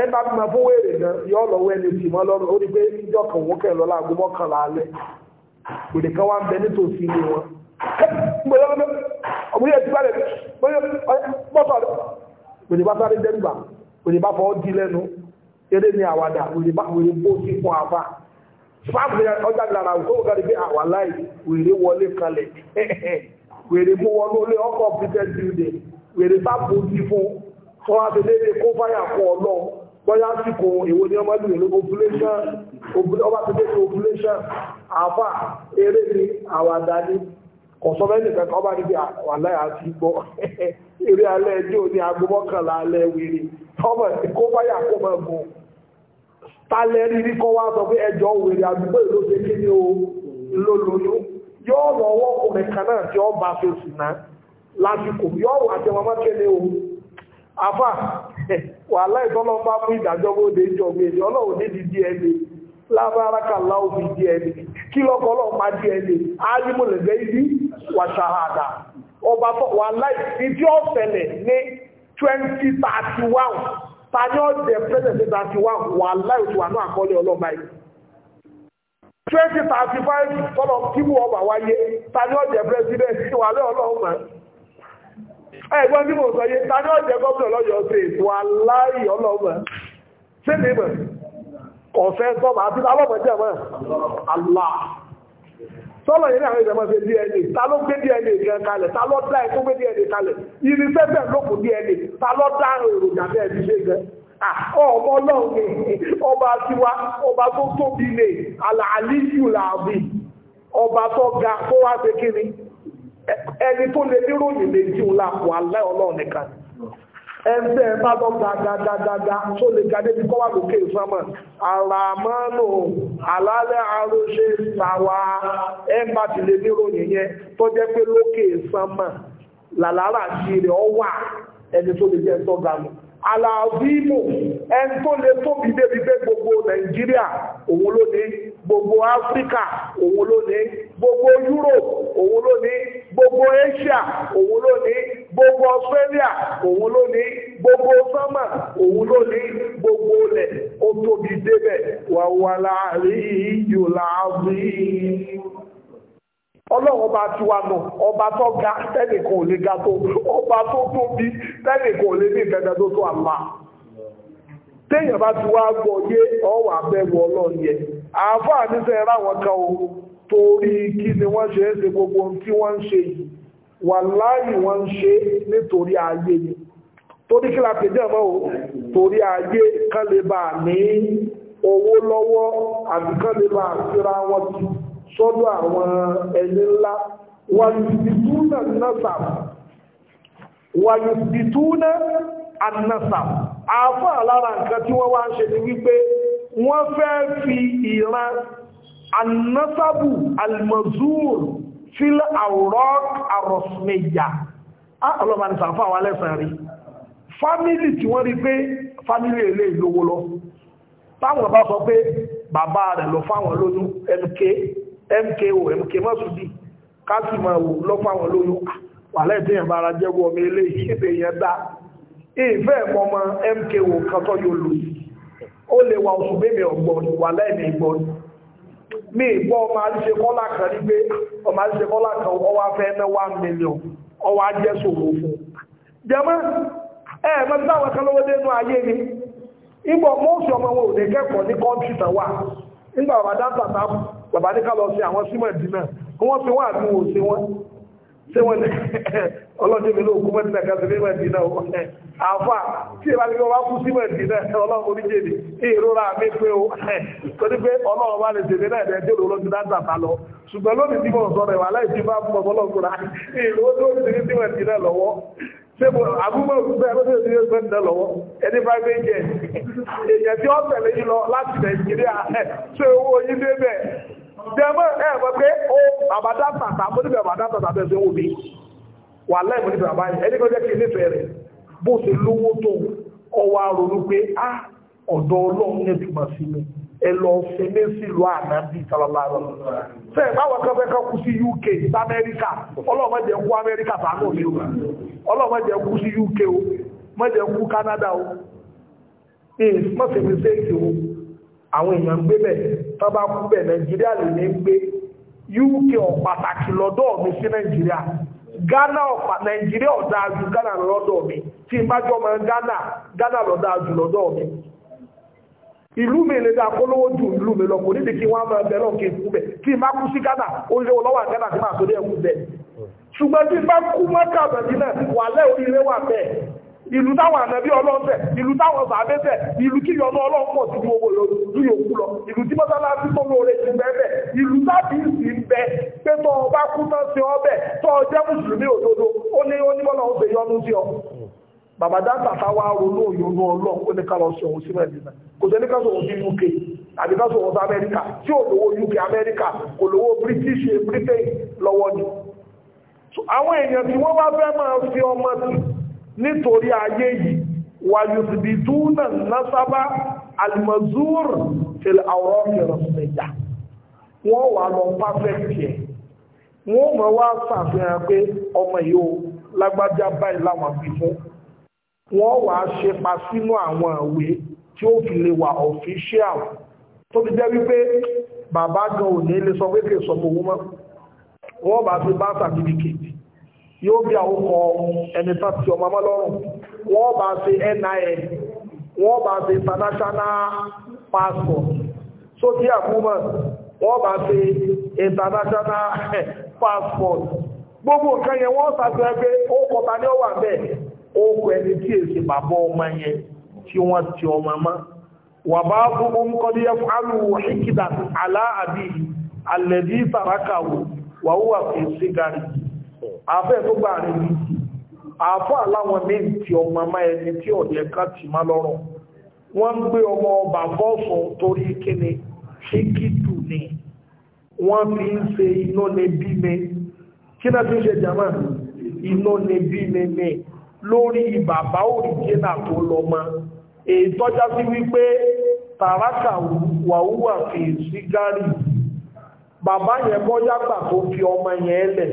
ẹ bá ma fún wèrè náà yọ lọ wẹ́ ní tìmọ́ lọ́rùn ó rí pé ìjọ kan wọ́n kẹ́ lọ́la àgbo mọ́kànlá kan ń bẹ nítòsí wọn. ti bá bá sáré bá di eré àwàdà bá wèrè bó fáàmù ọjà pé àwàláì wèrè wọlé wèrè mú wèrè bá bójú fún fún abẹ́lẹ́lẹ́ kó fáyà fún ọlọ́run bọ́yá sí kò èwo ni ọmọ ìlú ovulation ọba ti dé ovulation àfà eré ni àwàdà ni kọ̀sọ́mẹ́lì kankan ọba níbi àwàlá àti gbọ́ eré alẹ́ ẹjọ́ ní aago mọ́kànlá alẹ́ wèrè ọmọ kó fáyà kó mọ̀ gùn talẹ̀ rírí kọ́ wá sọ pé ẹjọ́ wèrè àdúgbò ìlú ṣe kí ni ó lólóyún yóò lọ wọ́kùnrin kan náà tí ó bá fèsì náà lásìkò yọ́ wà jẹ wọn o afá wà láìsọ́lọ́ bá mú ìdájọ́ bó jọ mi èdè ọlọ́run di DNA lábáraka láòfin DNA kí lọ́kọ́ pa DNA áyímọ̀lẹ̀gbẹ́ ibi wà ṣàhàdà ọba tó wà láìsí ní 2031 ọ̀dẹ̀ 31 wà láìsí wà náà five ọba wáyé ọ̀dẹ̀ ẹ̀gbọ́n tí mo sọ yé ta ní ọ̀jẹ̀ gómìnà lọ́yọ̀ọ́ sí ètò aláì ọlọ́mọ sí mi mọ̀ ọ̀fẹ́ sọ́mà àti alọ́mọ jẹ́ mọ́ àlá sọ́lọ̀ yìí ní àwọn ìjọba ṣe DNA ta ló gbé DNA gan kalẹ̀ ta ló dá ẹ̀ tó gbé DNA kalẹ̀ irinṣẹ́ bẹ́ẹ̀ ló kù DNA ta ló dá èròjà bẹ́ẹ̀ ti ṣe gan ọmọ ọlọ́run ni ọba tiwa ọba tó tóbi lè àlàálíyù làbí ọba tó ga tó wá ṣe kíni ẹni tó lè níròyìn méjì ńlá kò alẹ́ ọlọ́run nìkan ẹgbẹ́ bá lọ gàgàgàgà tó lè ga débi kọ́ lókè ìsámọ̀ àràmọ́nù alálẹ̀ ala sàwà ẹgbà ti lè níròyìn yẹn tó jẹ́ pé lókè ìsámọ̀ làlára ẹni tó lè jẹ́ ẹni tó lè tóbi débi gbogbo nàìjíríà òun ló ní gbogbo áfíríkà òun ló ní gbogbo òun Asia òun ló ní gbogbo Australia òun ló ní gbogbo sọ́mà òun ló ní gbogbo ilẹ̀ ó tóbi débẹ̀ wà wà láàrin yóò láàrin ọlọ́run ọba tiwa nù ọba tó ga tẹ́nìkan ò lè ga tó ọba tó tóbi tẹ́nìkan ò lè ní ìfẹ́fẹ́ tó tó àmà téèyàn bá ti wá gbọ́ yé ọwọ́ abẹ́wò ọlọ́run yẹ àáfàá nífẹ̀ẹ́ ráwọn kan o torí kí ni wọ́n ṣe é ṣe gbogbo ohun tí wọ́n ń ṣe yìí wàláyì wọ́n ń ṣe nítorí ayé ni torí kí la pèjẹ́ mọ́ o torí ayé kán lè bá ní owó lọ́wọ́ àti kán lè bá síra wọn ti sọ́dọ̀ àwọn ẹni ńlá wàyùsìtúnà nasab wàyùsìtúnà àfọ́ àlára nǹkan tí wọ́n wá ń ṣe ni wípé wọ́n fẹ́ fi ìran annasabu almazur fíl àwòrán arosmeya, ọlọ́mà ní sàfà wà lẹ́sàn rí fámílì tí wọ́n rí pé fámílì ilé ìlówó lọ táwọn bá sọ pé bàbá rẹ̀ lọ fáwọn lóyún mk mko mk mọ́sùdì kásìmọ̀ wò lọ fáwọn lóyún wà lẹ́tẹ̀yàn bá ara jẹ́gbọ́ ọmọ ilé ìṣẹ́bẹ̀ yẹn dá ìfẹ́ mọ́mọ́ mko kan tọ́ yóò lò ó lè wà oṣù ọgbọ̀n wà lẹ́ẹ̀mí ìgbọ̀n mi ìgbọ́ ọmọ àríṣe kọ́lá kan ní pé ọmọ àríṣe kọ́lá kan ọwá fẹ́ ná one million ọwá jẹ́ ṣòro fún jẹmọ́ ẹ tí táwọn kan lówó ayé ni ìgbọ̀ mọ́ọ̀sì ọmọ wọn ò lè kẹ́kọ̀ọ́ ní nígbà bàbá dáńtà bàbá ní sí àwọn wọ́n fi wọ́n ṣé wọ́n ọlọ́jọ́ mi ló kú mẹ́tìnà kan sílé mẹ́tìnà ó àfà tí ìbá ti wá kú sí mẹ́tìnà ọlọ́run oníjèdè ìrora mi pé ó torí pé ọlọ́run bá lè tèmi náà ẹ̀dẹ́ òru lọ́jọ́ náà tàbá lọ ṣùgbọ́n lónìí tí mo sọ rẹ̀ wà láìsí bá mọ̀ ọlọ́run rà ìlú ó tó ti sí mẹ́tìnà lọ́wọ́ ṣé mo àbúgbò bẹ́ẹ̀ ló ti sí mẹ́tìnà lọ́wọ́ ẹni bá gbé jẹ èèyàn tí ó tẹ̀lé yín lọ láti Nàìjíríà ṣé owó yín débẹ̀ jẹmọ́ ẹ̀wọ̀ pé ó àbádá tàtà mo nífẹ̀ẹ́ àbádá tàtà bẹ́ẹ̀ sí wò mí wà láì mo nífẹ̀ẹ́ àbáyé ẹni kan jẹ́ kí nífẹ̀ẹ́ rẹ̀ bó ṣe lówó tó ọwọ́ ronú pé á ọ̀dọ̀ ọlọ́run ní ìtumọ̀ sí mi ẹ lọ ṣe mí sílùú ànábì sàlọ́lá rẹ̀ ṣe ẹ̀ báwọn kan fẹ́ kan kú sí UK sí Amẹ́ríkà ọlọ́run má jẹ́ kú o ọlọ́run má UK o má jẹ́ kú Canada o ẹ̀ mọ̀sẹ̀ mi fẹ́ẹ́ àwọn èèyàn ń gbé bẹ̀ tó bá kú bẹ̀ nàìjíríà lè uk ò lọ́dọ̀ mi sí nàìjíríà ghana ọ̀pá nàìjíríà dáa ghana lọ́dọ̀ mi tí n bá ghana ghana lọ́dọ̀ mi ìlú mi lè ìlú mi kí wọ́n máa ghana ghana tí tó dé ẹkú bẹ̀ ṣùgbọ́n tí kú ìlú táwọn ànàbí ọlọ́ọ̀fẹ́ ìlú táwọn bàbẹ́fẹ́ ìlú kí yọmọ ọlọ́pọ̀ sí gbogbo ìlú yòókù lọ ìlú tí mọ́sálásí tó lóore ti bẹ́ẹ̀ ìlú tábì sì ń bẹ pé tó o bá kú tán sí ọbẹ̀ tó o jẹ́ mùsùlùmí òdodo ó ní onímọ̀nà ó yọnu sí ọ bàbá dáńtà táwa ronú òyònú ọlọ́ ó ní ká lọ sí òun sí mẹ́rìndínlá kò sẹ́ni ká sọ òun sí UK àbí ká sọ òun sí Amẹ́ríkà tí ò lówó UK Amẹ́ríkà kò lówó British Britain lọ́wọ́ ni àwọn èèyàn tí wọ́n bá fẹ́ máa fi ọmọ sí nítorí ayé yìí wà yùsùbí túnà násábà almazur fil àwòrán ìrọ̀sìnìyà wọ́n wà lọ perfect yẹ wọ́n mọ̀ wá ṣàfihàn pé ọmọ yìí ó lágbájá báyìí láwọn fi fún wọ́n wà á ṣe pa sínú àwọn ìwé tí ó fi lè wà official tó fi jẹ́ wípé bàbá gan ò ní lè sọ pé kì í sọ fowó mọ́ wọ́n bá fi bá sàtífíkètì yóò bí àwọn kọ ẹni tá ti ọmọ ọmọlọ́rùn wọ́n bá ṣe NIN wọ́n bá ṣe international passport so tí àkúmọ̀ wọ́n bá ṣe international passport gbogbo nǹkan yẹn wọ́n sàtọ́ ẹgbẹ́ ó kọta ní ọwà bẹ́ẹ̀ ó kọ ẹni tí èsì bàbá ọmọ yẹn tí wọ́n ti ọmọ mọ́ wà bá gbogbo ń kọ́dí ẹfù alùwò ìkìdà aláàbí alẹ́bí sàrákàwò wà wúwà fi sígárì àfẹ́ tó gbà rẹ̀ yìí àfọ́ àláwọn méjì tí ọmọ máa ẹni tí ọ̀dẹ̀ ká ti má lọ́rọ̀ wọ́n ń gbé ọmọ ọba fọ́sùn torí kíni ṣíkìtù ni wọ́n fi ń ṣe iná ní bí mi kí náà fi ń ṣe jàmá iná ní bí mi mi lórí bàbá òrìjínà tó lọ́mọ èyí sí wípé tàràkà wàhúwà fi sígárì bàbá yẹn bọ́yá gbà tó fi ọmọ yẹn lẹ̀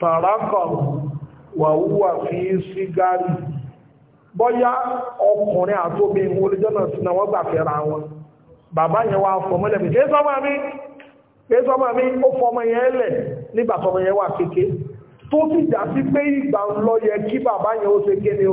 tàràkọ̀rù wàhúwà fi sígárì bọ́yá ọkùnrin àtóbi olùjọ́nà sínú wọ́n gbà fẹ́ra wọn bàbá yẹn wá fọmọ́lẹ̀ pé mi kéésọ́mọ́ mi ó fọmọ yẹn lẹ̀ nígbà tọmọ yẹn wà kéke tó sì já sí pé ìgbà ń lọ yẹ kí bàbá yẹn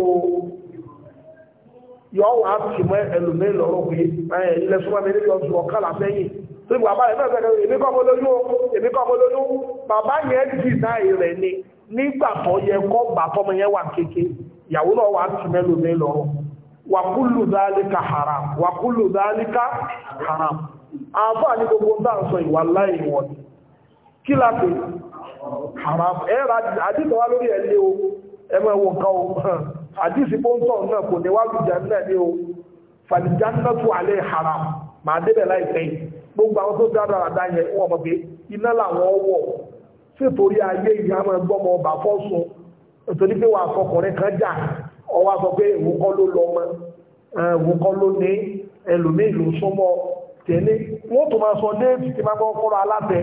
tó ìgbà bá rẹ̀ náà sẹ́kẹ̀ èmi kọ́ mo lóyún o èmi kọ́ mo lóyún bàbá ni nígbà tó yẹ kọ́ gbà haram wàkúlù haram àfáà ní gbogbo bá ń sọ haram ẹ̀rà àdìsọ wá lórí ẹ̀lẹ́ o ẹmọ ẹwọ nǹkan o àdìsí pọ́ńtọ̀ náà kò ní wá lùjà náà ní o fàlìjà náà tó alẹ́ haram màá débẹ̀ láìpẹ́ yìí gbogbo àwọn tó dáadáa dá yẹn wọ́n mọ̀ pé iná làwọn wọ̀ sítorí ayé ìyá máa gbọ́mọ ọba fọ́sùn nítorí pé wàá fọkùnrin kan jà ọwọ́ àsọ pé òun kọ́ ló lọ mọ́ òun kọ́ ló ní ẹlòmíì ló súnmọ́ tẹ́lẹ̀ wọ́n tún máa sọ déètì tí máa kọ́ kọ́ra alábẹ́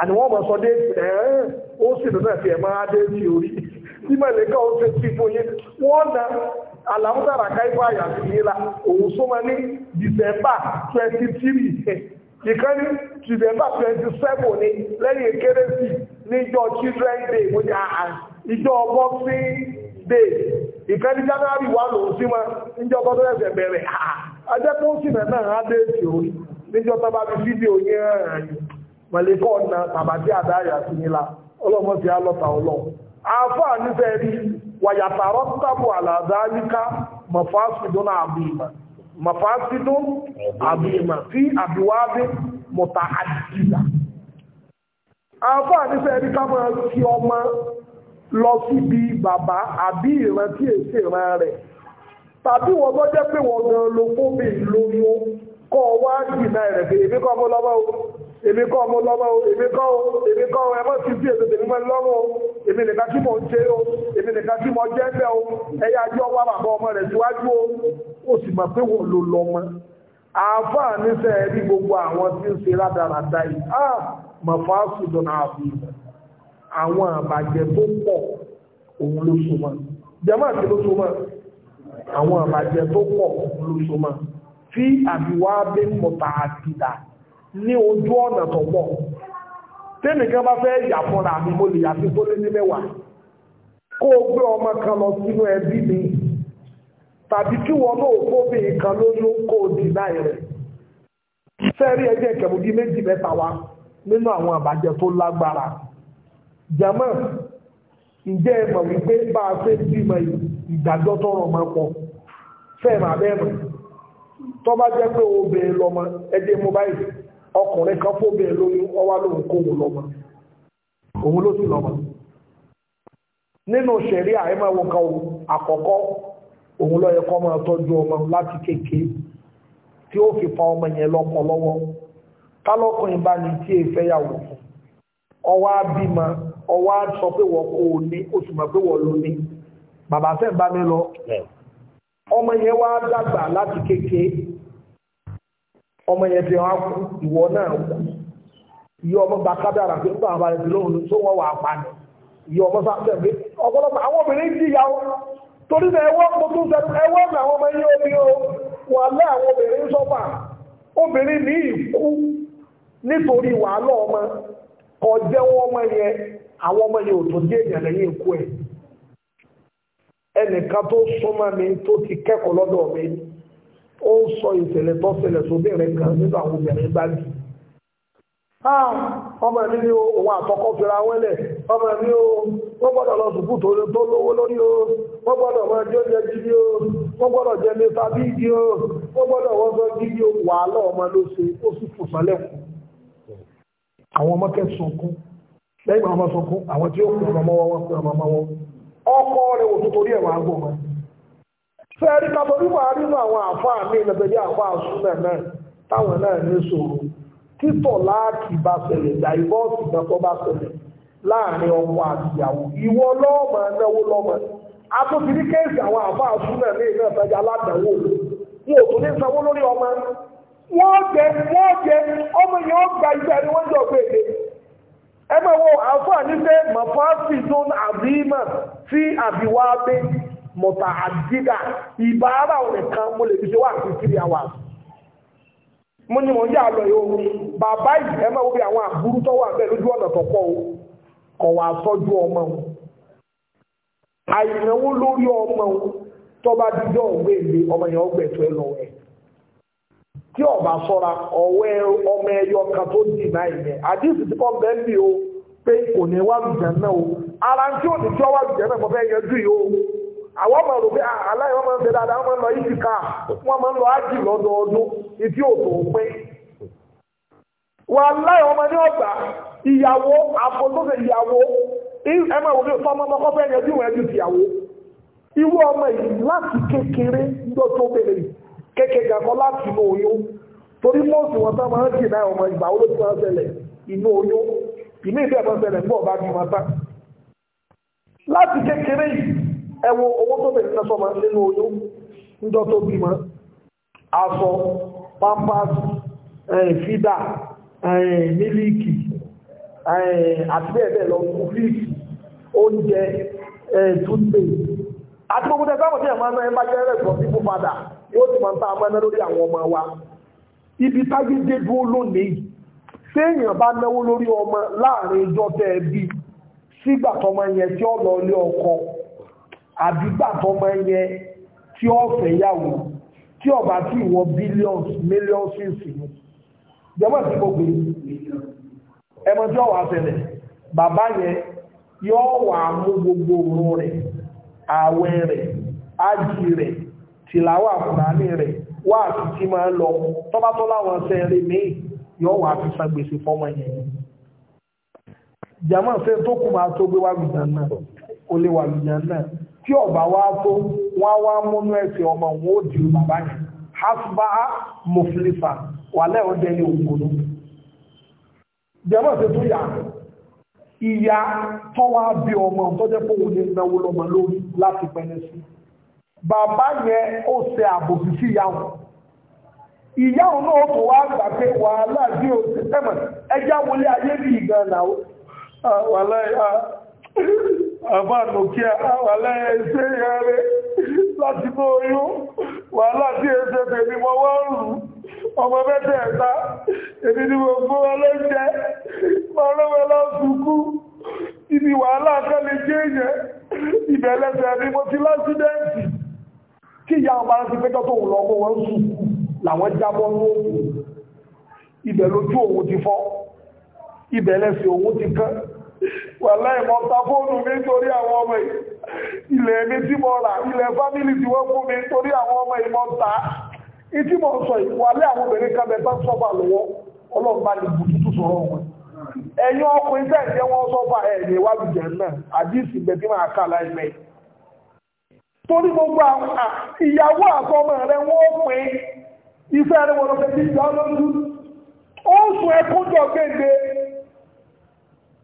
àni wọ́n máa sọ déètì ẹ̀ ẹ́ ó sì dọ́dọ̀ ẹ̀fẹ̀ máa déètì orí tí mẹ́lẹ̀kọ́ ó ṣe sí fún yín wọ́n na àlàmúdàrà káífà àyàfi yìí la òun súnmọ́ ní dìsẹ́mbà twenty three ìkan ní december twenty seven ní lẹ́yìn children day mo ní ìjọ boxing day ìkan Januari january one lòún sí wọn níjọ́ tó tẹ́lẹ̀ bẹ̀rẹ̀ náà náà á dé sí orí níjọ́ tó bá fi fídíò yẹn hàn yìí mọ̀lẹ́kọ́ ọ̀nà tàbátí àdáyà sí ni la alọ́ta rí àbúrò mafasidu àbìmà fi àbíwábí mọ̀tà àdìdà àfáàní fẹ́ rí ká máa fi ọmọ lọ síbi bàbá àbí ìran tí èsì ìran rẹ̀ tàbí wọ́n tó jẹ́ pé wọ́n gan ló fún mi lóyún kọ́ wá jìnnà rẹ̀ pé èmi kọ́ mo lọ́mọ o èmi kọ́ mo lọ́mọ o èmi kọ́ o èmi kọ́ o ẹ má ti bí èso tèmi mọ́ lọ́mọ o èmi nìkan tí mo ń ṣe o èmi nìkan tí mo jẹ́ bẹ́ẹ̀ o ẹ̀yà ajé ọwọ́ bàbá ọmọ rẹ̀ síwájú o ó sì mọ̀ pé wọ́n ló lọ mọ́ àáfàá níṣẹ́ rí gbogbo àwọn tí ń ṣe rádaràda yìí á ah, mọ̀fá sùdùn àfihàn àwọn àbàjẹ́ tó pọ̀ òun ló so mọ́ jẹ́mọ́ àti ló so mọ́ àwọn àbàjẹ́ tó pọ̀ òun ló so mọ́ fi àbíwá bí mọ̀tà àtìdá ní ojú ọ̀nà tó pọ̀ tẹ́nìkan bá fẹ́ yà fúnra mi mo lè yà sí tó lé ní mẹ́wàá kó o gbé ọmọ kan lọ sínú ẹbí mi tàbí kí wọn náà kóbi nǹkan lóyún kó o dì náà rẹ̀ sẹ́rí ẹgbẹ́ kẹmùdí méjì mẹ́ta wa nínú àwọn àbàjẹ́ tó lágbára jẹ́mọ́ ǹjẹ́ ẹ mọ̀ wípé bá a fẹ́ bímọ ìdájọ́ tọrọ ọmọ pọ̀ fẹ́ẹ̀ mà bẹ́ẹ̀ mọ̀ tó bá jẹ́ pé obìnrin lọ́mọ ẹdẹ mo báyìí ọkùnrin kan fóbìnrin lóyún ọwá lòun kó òun lọ́mọ òun ló sì lọ́mọ nínú ṣẹ̀ríà ẹ máa wo kan àkọ́kọ́ òun ló yẹ máa tọ́jú ọmọ láti kékeré tí ó fi ọmọ yẹn lọ́kọ lọ́wọ́ kálọ́kùnrin bá ní tí èèfẹ́ yàwó fún ọwọ́ abímọ ọwọ́ sọ pé wọ́n kò ní mọ̀ pé wọ́n ló ní bàbá fẹ́ bá mi lọ ọmọ yẹn wá dàgbà láti ọmọ yẹn kú ìwọ náà kú ìyá ọmọ kábíyàrá pé nígbà wọn bá rẹ ti lóhùn tó wọn wà á pa ni ìyá ọmọ torí na ẹwọ́ mo tún sẹ́nu ẹwọ́ làwọn ọmọ yín omi o wà lẹ́ àwọn obìnrin sọ́fà obìnrin ní ìkú nítorí wàhálà ọmọ kò ọmọ yẹn àwọn ọmọ yẹn ò tó dé èèyàn lẹ́yìn ẹ̀ ẹnìkan tó súnmọ́ mi tó ti kẹ́kọ̀ọ́ lọ́dọ̀ mi ó sọ ìṣẹ̀lẹ̀ tó ṣẹlẹ̀ ọmọ mi ní òun àtọkọ wẹ́lẹ̀ ọmọ mi wọ́n gbọ́dọ̀ lọ o wọ́n gbọ́dọ̀ mọ ẹjọ́ jẹ jíjí o wọ́n gbọ́dọ̀ jẹ mẹ́ta o wọ́n gbọ́dọ̀ wọ́n sọ o wà ló ṣe ó sì fò sálẹ̀ kù. àwọn ọmọ lẹ́yìn àwọn ọmọ àwọn tí ó ọmọ wọn ọmọ wọn ọkọ títọ̀ láàkì bá ṣẹlẹ̀ dàìbọ́ọ̀sì kan tó bá ṣẹlẹ̀ láàrin ọmọ àtìyàwó ìwọ lọ́ọ̀mọ náwó lọ́mọ atúnfìdí kéèsì àwọn àfáà súnà ní ìlú ẹ̀fẹ́jà aládàáwò wọn ò ní sanwó lórí ọmọ wọ́n jẹ wọ́n jẹ ọmọ yẹn ọgbà ìgbà ni wọ́n jọ gbé èdè e. ẹ máa wo àfáà ní pé mọ̀fáàsì tó ń àbímọ̀ sí àbíwá pé mọ̀tà àdídà ìbára òun mo lè fi ṣe wá àti three hours mo ní mo ń yà lọ yìí o bàbá yìí ẹ máa wo bí àwọn àbúrú tó wà bẹ́ẹ̀ lójú ọ̀nà tó pọ̀ o kọ̀ wá sọ́jú ọmọ o àìnáwó lórí ọmọ o tó bá dídọ́ òwe èlé ọmọ yẹn ọgbẹ̀ tó ẹ lọ́wọ́ ẹ̀ tí ọba sọ́ra ọ̀wẹ́ ọmọ ẹyọ kan tó dì náà ìyẹn àdìsí ti kọ́ bẹ́ẹ̀ bí o pé kò ní wá lùjẹ̀ náà o ara tí ò ní tí ọ wá náà mo fẹ́ yẹn àwọn ọmọ rò pé ah, aláì wọn máa ń ṣe dáadáa wọn máa ń lọ yìí ká wọn máa ń lọ ájì òtò ọmọ ní ọgbà ìyàwó àfọlọ́sẹ̀ ìyàwó ẹ máa wò pé fọmọ ọmọ kọfẹ yẹn bí wọn ẹjú tìyàwó irú ọmọ yìí láti kékeré torí mọ́ọ̀sì wọn ń dìnnà ọmọ ìgbà ṣẹlẹ̀ inú oyún ìmí ìfẹ́ ẹ wo owó tó bẹ̀rẹ̀ sẹ́sọ́ máa nínú oyún ńjọ́ tó bímọ aṣọ pampers fídà mílíìkì àti bẹ́ẹ̀ bẹ́ẹ̀ lọ fíìkì oúnjẹ túnbẹ̀ àti gbogbo tẹ́sán àwọn tí ẹ̀ máa ń náà ẹ bá jẹ́ rẹ̀sọ̀ pípọ̀ padà yóò ti máa ń ta amẹ́ná lórí àwọn ọmọ wa ibi tágídé dúró lónìí séèyàn bá náwó lórí ọmọ láàrin ìjọ tẹ́ ẹ yẹn tí ó lọ ilé ọkọ àbígbà tọmọ yẹn tí ó fẹ́ yàwó tí ọba tí ìwọ billions millions sí ni jọba tí mo gbé ẹmọ tí ọwà ṣẹlẹ̀ bàbá yẹn yóò wà mú gbogbo òun rẹ̀ ààwẹ̀ rẹ̀ ájì rẹ̀ tìlàwà kùránì rẹ̀ wá àti tí máa ń lọ tọ́bátọ́ láwọn sẹ́ẹ̀rẹ̀ míì yóò wà fi san gbèsè fọ́mọ yẹn jàmọ́ sẹ́ni tó kù máa tó gbé wà lùjá náà ó lè wà lùjá náà tí ọba wa tó wọn wá múnú ẹsẹ̀ ọmọ wọn ó di bàbá yẹn hasba muflifa wàlẹ́ ọdẹ ní òkúrú jẹ́mọ̀ sí tó yà ìyá tọ́wọ́ bí ọmọ tó jẹ́ pé ní lórí láti pẹ́lẹ́ sí bàbá yẹn ó ṣe àbòsí sí ìyá wọn ìyá náà tó wá gbà o ṣe tẹ́mọ̀ ẹjá wọlé ayé bí ìgbà náà àmànù kí àwọn aláìṣẹ́ ìyá rẹ̀ láti mọ́ oyún wà láti ẹsẹ̀ tẹ̀mí mọ́ wá rù ọmọ mẹ́tẹ̀ ẹ̀ta èdè ni mo gbọ́ ọlọ́jẹ́ ọlọ́wẹ́ lọ́sùkú ibi wàhálà kẹ́lẹ̀ jẹ́ ìyẹn ìbẹ̀lẹ́sẹ̀ ni mo ti lásídẹ́ǹtì kí ìyá ọmọ ara ti pẹ́jọ́ tó lọ ọmọ wọn sùn làwọn jábọ́ lóògùn ibẹ̀ lójú òun ti fọ́ ibẹ̀ lẹ́sẹ̀ òun ti kán wàlá ìmọ̀ta fóònù mi torí àwọn ọmọ ilẹ̀ mi tí mo rà ilẹ̀ fámílì tí wọ́n fún mi torí àwọn ọmọ ìmọ̀ta ìtí mọ̀ sọ ìwàlẹ́ àwọn obìnrin kan bẹ̀ẹ́ sọ́bà lọ́wọ́ ọlọ́ọ̀bá ní bùtútù wọn ọkùnrin tẹ́ wọn sọ́bà ẹ̀yẹ náà àdíìsì bẹ̀ẹ́ tí máa láìpẹ́ torí gbogbo ìyàwó àtọmọ rẹ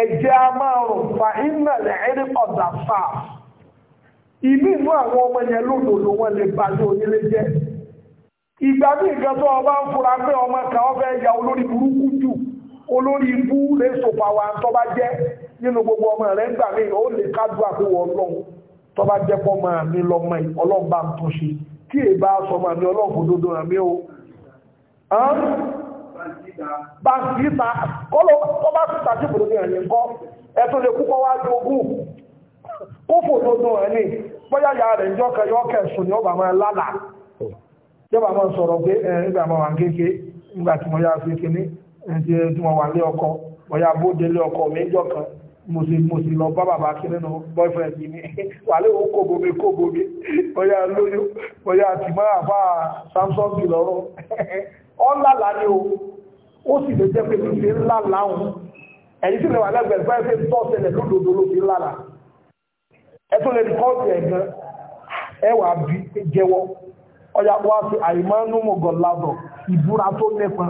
ẹ̀jẹ̀ a máa rùn fa ìmọ̀lẹ̀ ẹ̀rí ọ̀dà fà ìlú inú àwọn ọmọ yẹn lòdòdó wọn lè bàjẹ́ onílé jẹ́ ìgbà bí nǹkan tó ọba ń fura pé ọmọ kan ọbẹ̀ ẹ̀yà olórí burúkú jù olórí ibú lè sòpà wa tó bá jẹ́ nínú gbogbo ọmọ rẹ̀ ńgbà mí ó lè kájú àkówọ ọlọ́run tó jẹ́ pọ́ máa mi lọ́mọ ọlọ́run bá ń tó ṣe kí èbá sọmọ mi ọlọ́run kò dodo hàn mí bá ń síta kọ́lọ́ tó bá síta sí ìbòdó ní ẹ̀yìn kọ́ ẹ̀tún lè kúkọ́ wá ju ogún kó fòdodo ẹ̀ ní bóyá ya rẹ̀ ìjọ kẹyọ kẹsùn ní ọba máa lálà yọba máa sọ̀rọ̀ pé ẹgbẹ́ àmọ́ wà kéèké nígbà tí mo yá sí kíní ẹ̀jẹ̀ tí mo wà lé ọkọ mo yá bóde lé boyfriend mi wà lé òun kóbo mi kóbo mi bóyá lóyún Samsung lọ́rọ̀ ọ́ lálàá ni o ó sì lè jẹ́ pé kí n ṣe ńlá láhùn ẹ̀yìn tí lè wà lẹ́gbẹ̀ẹ́ bá ẹgbẹ́ tó ṣẹlẹ̀ lódodo ló fi ńlá la ẹ tó lè rí kọ́ọ̀tù ẹ̀gbẹ́ ẹ wà bí jẹ́wọ́ ọjà wá sí àìmánú mọ̀gàn ládọ̀ ìbúra tó nẹ́pọn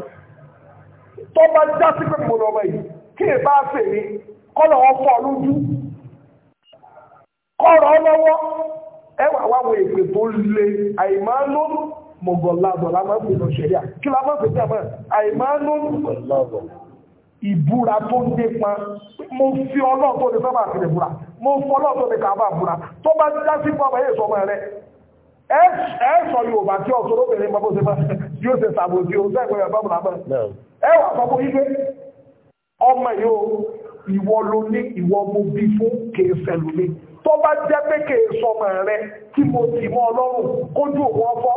tó já sí pé mo lọ́mọ yìí kí n bá fè mí kọ́lọ̀ ọkọ̀ lójú kọ́rọ̀ lọ́wọ́ ẹ wà èpè tó le àìmánú mọ̀gọ̀láàbọ̀ la máa ń pè lọ ṣẹ̀ríà kí la máa ń pè tí a máa àìmánú ìbúra tó ń dé pa mo fi ọlọ́ọ̀tọ́ ní sábà àti ìbúra mo fi ọlọ́ọ̀tọ́ ní kàbà búra tó bá já sí pọ̀ báyé ìsọmọ rẹ ẹ sọ Yorùbá tí ọ̀sọ́ lóbìnrin bá bó ṣe máa tí ó ṣe sàbò tí ó sẹ́gbẹ̀ẹ́ rẹ̀ bábùlà mọ́ ẹ wà sọ fún yíké ọmọ yóò ìwọ ló ní ìwọ mo bí fún kèé sẹlùmí tó bá jẹ́ pé kèé sọmọ rẹ tí mo tì mọ́ Ọlọ́run kójú òun ọfọ́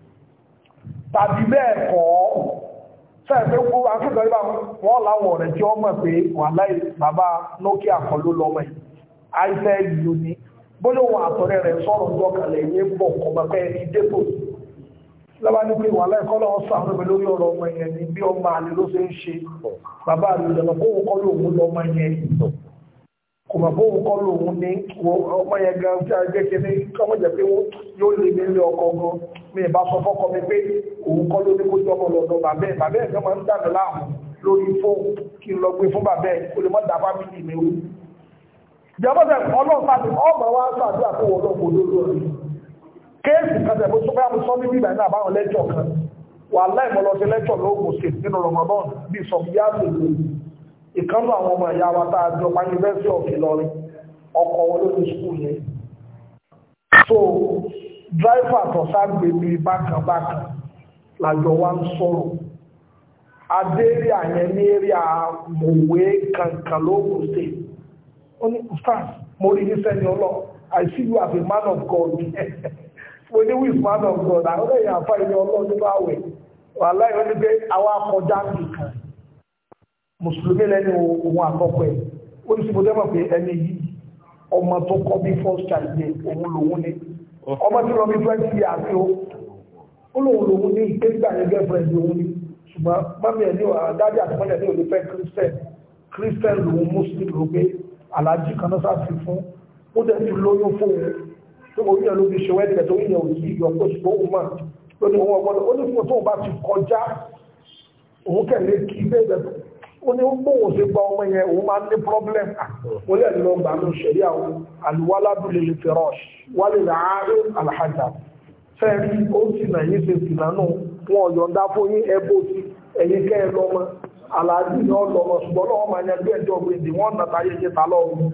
tàbí bẹ́ẹ̀ kọ́ fẹ́ẹ̀fẹ́ kó akẹ́kọ̀ọ́ yìí bá wọ́n láwọn ọ̀rẹ́ tí wọ́n mọ̀ pé wà láì bàbá Nokia kan ló lọ́mọ ìlú ni bóyá rẹ̀ sọ́rọ̀ kò mọ̀ bó wùkọ́ lòun ní ọmọ yẹn gan tí a jẹ́ kìíní kọ́mọ̀ jẹ́ pé yóò lè ní ilé ọkọ̀ gan mi ìbá sọ fọ́kọ mi pé òun kọ́ ló ní kó jọmọ lọ́dọ̀ bàbẹ́ bàbẹ́ ẹ̀gbẹ́ máa ń dànù láàmú lórí fóònù kí n lọ gbé fún bàbẹ́ kó lè mọ́ dà fámìlì mi rú. ìjọba sẹ ọlọ́pàá ti ọmọ wa sọ àdúrà tó wọ ọlọ́pàá olóró rẹ kéèsì kan tẹ̀ mo sọ pé ìkánlọ àwọn ọmọ ẹ̀yà wa tàà jọ pa university of Ìlọrin ọkọ̀ wọn lórí skul yẹn so driver tó ságbèmí bákanbákan làjọ wa ń sọ̀rọ̀ adéèrè àyẹn ní èrè àmọ̀wé kankan lóògùn ṣe ó ní ustaz mo rí ní sẹ́ni ọlọ́ I see you as a man of God mo ní with man of God àwọn èèyàn àfa ìní ọlọ́ọ̀dúnrún àwẹ̀ wàhálà ìrọ́lẹ́gbẹ́ àwọn akọjá nìkan mùsùlùmí lẹ́ni ohun àkọ́kọ́ ẹ̀ ó ní sípò dẹ́mọ̀ pé ẹni yìí ọmọ tó kọ́ bí first child yẹ òun lòun ni ọmọ tí lọ bí twenty years ó ó lòun lòun ní ìkéjì àyè girlfriend lòun ni ṣùgbọ́n mọ́mí ẹ̀ ní dájú àtìmọ́lẹ̀ ní olùfẹ́ christian christian lòun muslim ló gbé aláàjì kan náà sáfi fún ó dẹ̀ ti lóyún fóun tó kò yíyan ló fi ṣe wẹ́ẹ̀dẹ̀ tó yíyan òsì ìyọ̀pọ̀ ṣùgbọ́n òun mọ̀ lónìí òun ọgbọ́n ó ní fún tóun bá ti kọjá òun kẹ̀lé kí bẹ́ẹ̀ bẹ́ẹ̀ ó ní gbòòwò sí gba ọmọ yẹn òun máa ń ní problem ó lè lọ gbà ló ṣẹlẹ̀ àwọn àlùwálábìlì lè fẹrọ wálé làárẹ àlàájà fẹẹrí ó ti nà yín ṣe sì nánú wọn yọ̀ǹda fún yín ẹbọ sí ẹ̀yin kẹ́ ẹ lọ́mọ aláàjì ni ọ lọ́mọ ṣùgbọ́n lọ́wọ́ máa yẹn gbé ẹjọ́ gbèdè wọn nàta yé ṣe ta lọ́wọ́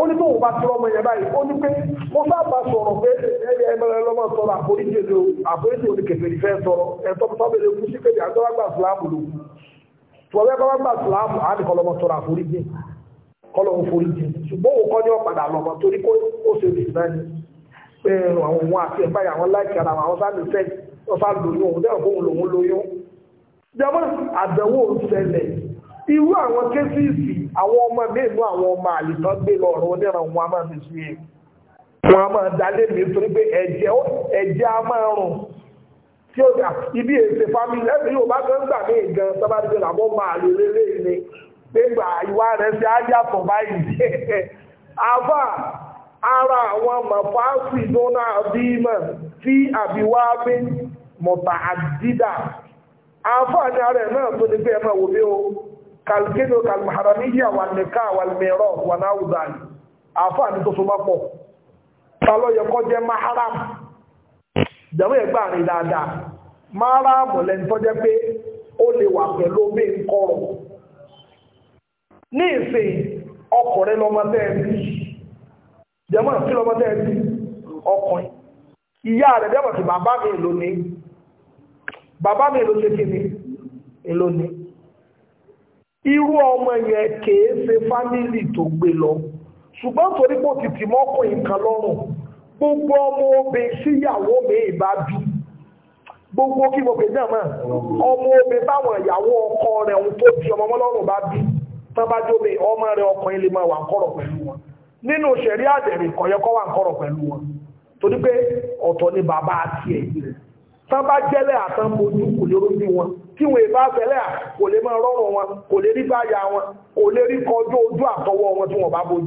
ó ní bóun bá tọrọ ọmọ yẹn báyìí ó ní pé mo sábà sọ̀rọ̀ pé ẹgbẹ̀rẹ̀ lọ́mọ sọ̀rọ̀ àforíjì èdè àforíjì òní kẹfẹ́ ìfẹ́ sọ̀rọ̀ ẹ̀tọ́ tó kú sí kéde àtọ́lágbà tùwọ́wẹ́ kọ́ wọ́n gbà sùlámù á ní kọlọmọ tọrọ àforíjì kọlọmọ foríjì ṣùgbọ́n òun kọ́ ní ọ̀padà lọ́mọ torí kó ó ṣe lè náà ni pé àwọn òun àti ẹ̀gbá yà wọ́n láìka ara àwọn sáà lè fẹ́ wọ́n sáà lóyún òun dẹ́wọ̀n fóun lòun lóyún. jẹ́wọ́n àbẹ̀wò ṣẹlẹ̀ irú àwọn kéṣìṣì àwọn ọmọ mẹ́nu àwọn ọmọ àlìtán gbé lọ ọ̀rọ̀ wọn a máa fi sí i wọn a máa dalé mi torí pé tí ó dà ibi èsè family ẹ̀sìn yóò bá gbọ́n gbà mí gan sábàdìgbẹ́ làbọ́ máa lè lélẹ̀ ni nígbà ìwà rẹ̀ ṣe á yàtọ̀ báyìí àbá ara àwọn mọ̀fáàsì dúnà bímọ̀ tí àbíwá bí mọ̀tà àdídà àǹfààní ara ẹ̀ náà tó ní pé ẹ̀mọ̀ òbí o kàlùkédò kàlùmàràníyà wà nìka wà mẹ́rọ̀ wà náà wùdà àǹfààní tó so mọ́ pọ̀ ta ló yẹ kó jẹ́ maharam ìjàmọ́ yẹn gbà rìn dáadáa máráàmù lẹ́ni tó jẹ́ pé ó lè wà pẹ̀lú omi nkọ́rọ̀ ní ìsìn ọkùnrin lọ́mọdé ẹbí ìjàmọ́ kí lọ́mọdé ẹbí ọkùnrin ìyá rẹ̀ jẹ́ bàtí bàbá mi èlò ní bàbá mi èlò ṣe kíni èlò irú ọmọ yẹn kèé ṣe fámìlì tó gbé lọ ṣùgbọ́n torí pé ó mọ́kùnrin kan lọ́rùn gbogbo ọmọ obè síyàwó mi ìbá bí gbogbo kí mo pè náà mọ̀ ọmọ obè báwọn ìyàwó ọkọ rẹ̀ ohun tó bí ọmọ ọlọ́run bá bí tán bá jó mi ọmọ rẹ̀ ọkùnrin lè máa wà kọ̀rọ̀ pẹ̀lú wọn nínú ṣẹ̀rí àdẹ̀rẹ̀ kọ̀yẹ́kọ́ wà kọ̀rọ̀ pẹ̀lú wọn torí pé ọ̀tọ̀ ni bàbá àti ẹ̀yìn tán bá jẹ́lẹ̀ àtàn mojú kò lè rójú wọn tí wọ́n ìbá fẹ́lẹ̀ kò lè máa rọrùn wọn kò lè rí báyà wọn kò lè rí kọjú ojú àtọwọ́ wọn tí wọ́n bá bójú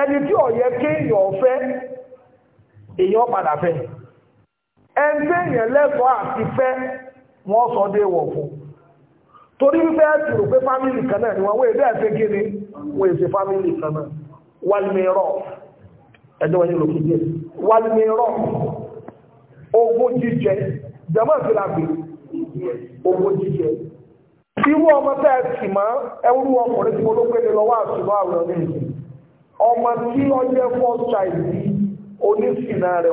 ẹni tí ọ̀yẹ́ kéèyàn fẹ́ èèyàn padà fẹ́ ẹni téèyàn lẹ́tọ̀ọ́ àti fẹ́ wọ́n sọ dé wọ̀ fún torí wípé ẹ̀sìn rò pé fámìlì kan náà ni wọ́n wéé bẹ́ẹ̀ ṣe kíni wọ́n èsì fámìlì kan náà wàlmírọ̀ ẹjọ́ wọ́n yìí lòkè díẹ̀ wàlmírọ̀ ogún jíjẹ jẹ́mọ́ ìfìlàgbé ogún jíjẹ irú ọmọ tẹ́ẹ̀sì mọ́ ẹwúrú ọkùnrin tí mo ló pé ní lọ́wọ́ àtúnú àwòrán ní ìsìn ọmọ tí ó jẹ́ first child bí oníṣìnà rẹ̀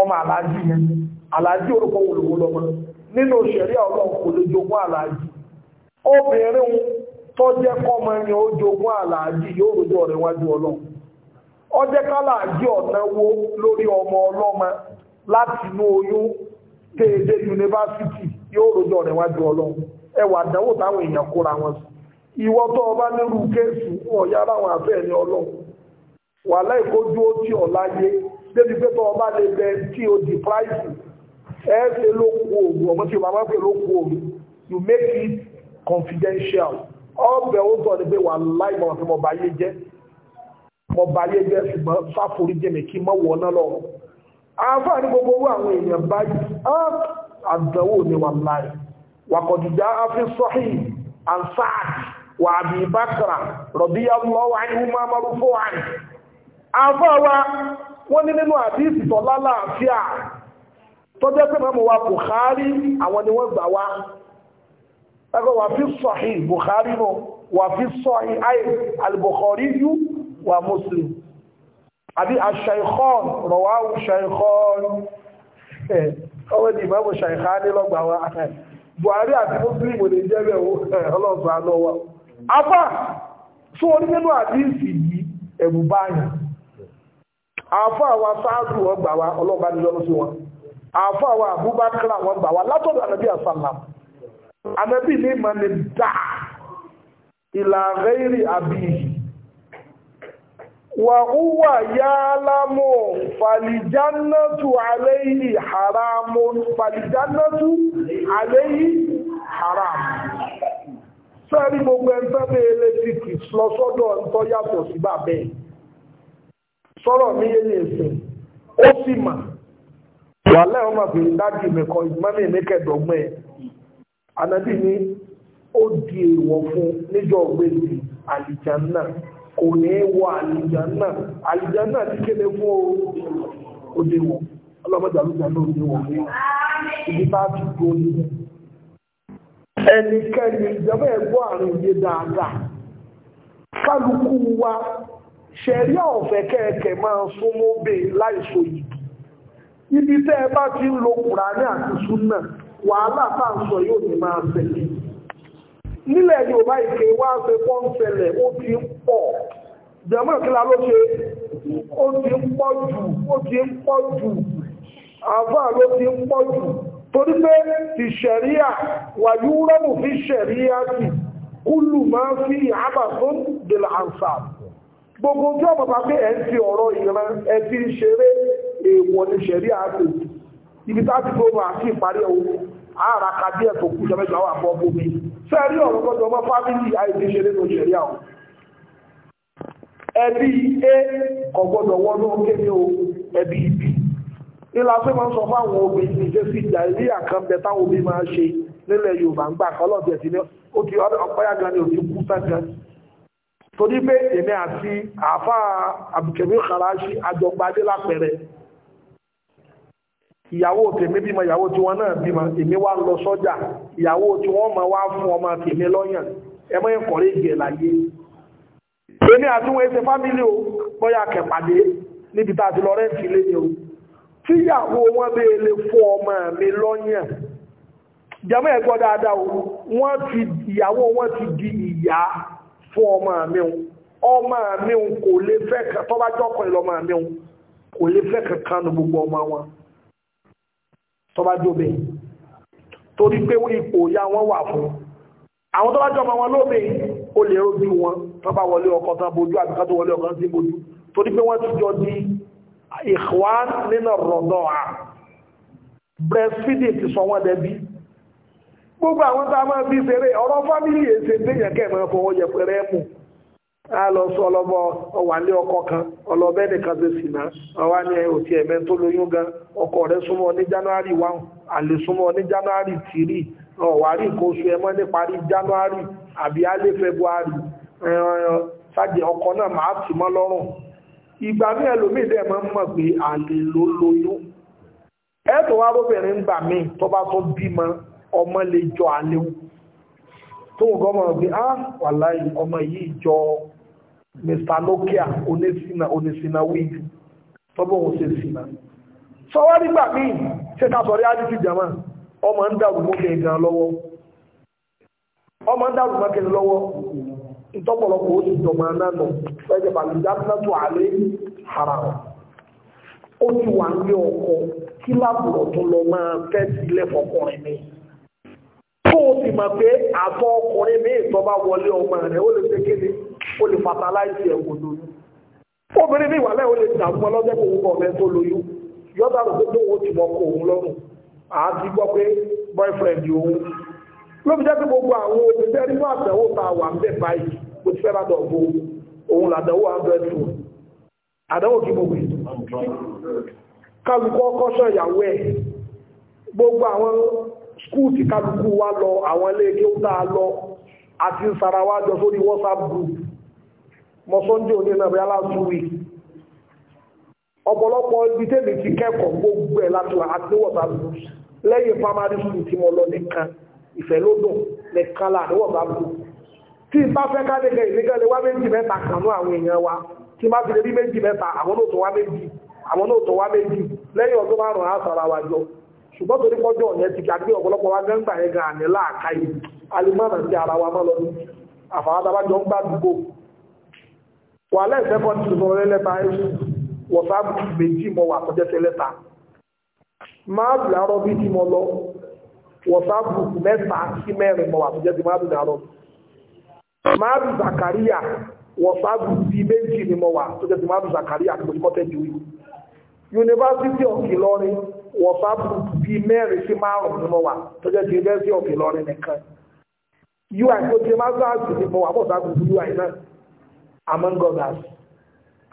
ọmọ aláàjì yẹn aláàjì orúkọ olówó lọ́mọ nínú òṣèré ọlọ́run kò lè jogún aláàjì obìnrin tó jẹ́ kọ́mọ yẹn ó jogún aláàjì yóò rojọ́ rẹ̀ wájú ọlọ́run ó jẹ́ lórí ọmọ ọlọ́mọ láti inú oyún téèdé yunifásitì yóò wájú ọlọ́run ìwọ tó ọba nírú kéèsì wọn ya ráwọn afẹ́ ẹni ọlọ́run wà láìkójú ó tí ọ̀la yé débi pé tó ọba lè bẹ tí o di price ẹ ṣe ló kú òògùn ọmọ tí màmá pè ló kú òògùn you make it confidential ọbẹ̀ ó sọ ni pé wà láì mọ̀ pé mo bá yé jẹ́ mo bá yé jẹ́ ṣùgbọ́n sáforí jẹ́ mi kí n mọ̀ wọ̀ náà lọ́wọ́ àǹfààní gbogbo owó àwọn èèyàn báyìí àdánwò ni wà láì wàkọ̀dùjá afi sọ́hìn and sáàdì وابي بكر رضي الله عنهما مرفوعا àfọwà wọn ní nínú àdìsí tó lálàáfíà tó jẹ́ pé mọ́mọ́ wa Bukhari àwọn ni wọ́n gbà wá ẹgbẹ́ wà fi sahih Bukhari nù wà fi sahih ayé al-Bukhari yú wà Muslim àbí ash-Shaykhan rawahu ash-Shaykhan ọwọ́ ni ìmọ̀ Shaykhan Buhari àti Muslim ò lè jẹ́ bẹ̀ ọlọ́ọ̀sán afá tó orí nínú àdíìsì yìí ẹ̀rù báyìí afá wa sáàtù wọn gbà wá ọlọ́ba nílọ́rọ́ sí wọn afá wa abúbákàrà wọn gbà wá látọ̀dọ̀ ànàbí àsàlám ànàbí ní ìmọ̀ ní dà ìlà rẹ́rì àbí wà húwà yálámù fàlìjánátù àléyìí haramun fàlìjánátù àléyìí haramun sẹ́ẹ̀rí gbogbo ẹ̀ńtẹ́ bí elétíríkì lọ sọ́dọ̀ ǹtọ́ yàtọ̀ sí bàbẹ́ sọ̀rọ̀ mi yé ní ẹsẹ̀ ó sì mà wàhálà ọmọ dájú mi kọ mi ẹ̀ ànábì ni ó di èèwọ̀ fún níjọ́ gbèsè kò ní í wọ ti kéde fún ẹnikẹ́ni ìjọba ẹ̀gbọ́ àrùn yé dáadáa kálukú wa ṣẹ̀ríà ọ̀fẹ́ kẹ́ẹ̀kẹ́ máa súnmọ́ bè láìsọ ìdù ibi tẹ́ ẹ bá ti ń lo kùránì àti súnà wàhálà tá à ń sọ yóò ní máa ṣẹlẹ̀ nílẹ̀ Yorùbá ìké wá ṣe pọ́n ṣẹlẹ̀ ó ti ń pọ̀ jẹ̀mọ́ ìkìlá ló ṣe ó ti ń pọ̀ jù ó ti ń pọ̀ jù àbá ló ti ń pọ̀ jù torí pé ti ṣẹ̀ríà wà fi ṣẹ̀ríà ti kúlù máa fi àbà fún dìlà àǹsà gbogbo tí ọmọ pé ọ̀rọ̀ ìran ẹ̀ ṣeré èèwọ̀ ni ṣẹ̀ríà ti ibi tá ti àti ìparí ọ̀hún kú ẹbí a kò gbọ́dọ̀ wọnú kéde o ilà tó máa ń sọ fáwọn obìnrin ní ìṣe sí ìjà ilé àkànbẹ táwọn obìnrin máa ń ṣe nílẹ̀ Yorùbá ń gbà kọ́ lọ́ọ̀dẹ̀ sí ní ó ti ọ̀páyà gan ni ò ti kú sẹ́gan torí pé èmi àti àáfà àbùkẹ́mí Karachi àjọgbadé lápẹ̀rẹ̀ ìyàwó tèmi bímọ ìyàwó tí wọn náà bímọ èmi wá lọ sọ́jà ìyàwó tí wọn máa wá fún ọmọ tèmi lọ́yàn ẹ mọ́ ìkọ̀rẹ́ ìgbẹ̀ láyé èmi àti wọn ẹsẹ̀ fámílì o bóyá kẹ̀pàdé níbi tá a ti lọ rẹ́ǹtì lé ní o tíyàwó wọn bẹ́ẹ̀ lè fún ọmọ mi lọ́yàn jẹ́mọ́ ẹ̀gbọ́ dáadáa wọ́n ti ìyàwó wọn ti di ìyá fún ọmọ mi ọmọ mi kò lè fẹ́ kan tó bá jọ́kọ̀ ìlọmọ mi kò lè fẹ́ kankan nu gbogbo ọmọ wọn tó bá jóbe torí pé ipò ìyá wọn wà fún àwọn tó bá jọmọ wọn lóbe ó lè rójú wọn tó bá wọlé ọkọ tán bójú àbíká wọlé ọkọ tán sí bójú torí pé wọ́n ti jọ di ìkwán nínú rọ̀dọ̀ à breastfeeding ti sọ wọ́n dẹbí gbogbo àwọn tá a máa bí ṣeré ọ̀rọ̀ fámílì èsè téèyàn kẹ́ máa fọwọ́ yẹpẹrẹ mú a lọ sọ ọlọ́mọ kan ọlọ́bẹ nìkan ọwá ní òtí january one àlè súnmọ́ january three ọ̀wárí nǹkan oṣù ẹ̀mọ́ january àbí alẹ́ february ṣáàjì ọkọ náà máa ìgbà mí ẹlòmíì dẹ̀ máa ń mọ̀ pé àlè ló lóyún ẹ̀tọ́ wa lóbìnrin ń gbà mí tó bá tó bímọ ọmọ lè jọ àlè tó ń gọ́mọ̀ pé á wàláì ọmọ yìí jọ mr nokia onísìnà onísìnà wíìgì tọ́bọ̀ òun ṣe sìnà sọwọ́ nígbà míì ṣé ká sọ̀rí ájíṣì jama ọmọ ń dàrú mọ́kẹ́ gan lọ́wọ́ ọmọ ń dàrú mọ́kẹ́ lọ́wọ́ ìtọ́pọ̀lọpọ̀ ó sì jọmọ nánu fẹ́jẹ̀ bàbí jánátù àlẹ́ hara ó ti wà ní ọkọ kí lábùrọ̀ tó lọ máa fẹ́ sílẹ̀ fọkùnrin mi tó o sì mọ̀ pé àtọ ọkùnrin mi ìtọ́ bá wọlé ọmọ rẹ̀ ó lè ṣe kéde ó lè fataláìsì ẹ̀wọ̀n lóyún obìnrin mi wà láì ó lè dààmú ọlọ́jọ́ kò wúkọ̀ ọ̀rẹ́ tó lóyún yọ́dà rò pé tó o ti mọ̀ kó òun lọ́rùn àá ti gbọ́ pé boyfriend òun ló fi jẹ́ pé gbogbo àwọn òṣìṣẹ́ nínú àtẹ̀wò tá a wà ń bẹ̀ báyìí kò ti fẹ́ ládọ̀ bó òun làdẹ̀wò hundred two àdẹ̀wò kí gbogbo kálukọ́ kọ́ṣọ́ ìyàwó ẹ̀ gbogbo àwọn skúù tí kálukú wá lọ àwọn ilé kí ó tá a lọ àti ń sara wá jọ sórí WhatsApp group mọ́sọ́njẹ́ òní náà bẹ́ẹ̀ aláṣúwì ọ̀pọ̀lọpọ̀ ibi tẹ́lẹ̀ ti kẹ́kọ̀ọ́ gbogbo ẹ̀ láti wà àti WhatsApp group lẹ́yìn primary school tí mo lọ nìkan ìfẹ́ ló dùn nìkan là níwọ̀ bá bù tí n bá fẹ́ kádẹ́gẹ́ ìníkan lè wá méjì mẹ́ta kànú àwọn èèyàn wa tí n bá fi lè rí méjì mẹ́ta àwọn náà tó wá méjì àwọn náà tó wá méjì lẹ́yìn ọdún márùn-ún àtàrà wa jọ ṣùgbọ́n torí pọ́jọ́ ọ̀yẹ́ ti gbàgbé ọ̀pọ̀lọpọ̀ wa gẹ́gbà yẹn gan àní láàkáyé alimọ́nà sí ara wa WhatsApp group mẹ́ta sí mẹ́rin mọ̀ wà tó jẹ́ ti máa dùn àárọ̀ máa dùn Zakaria WhatsApp group bíi méjì ni mọ̀ tó jẹ́ ti máa dùn Zakaria kò ní kọ́tẹ́ ju yìí University of Ìlọrin WhatsApp group bíi mẹ́rin sí márùn-ún ni mọ̀ tó jẹ́ ti University of Ìlọrin nìkan UI tó ti máa sáàsì ni mọ̀ wà mọ̀ sáà group UI náà among others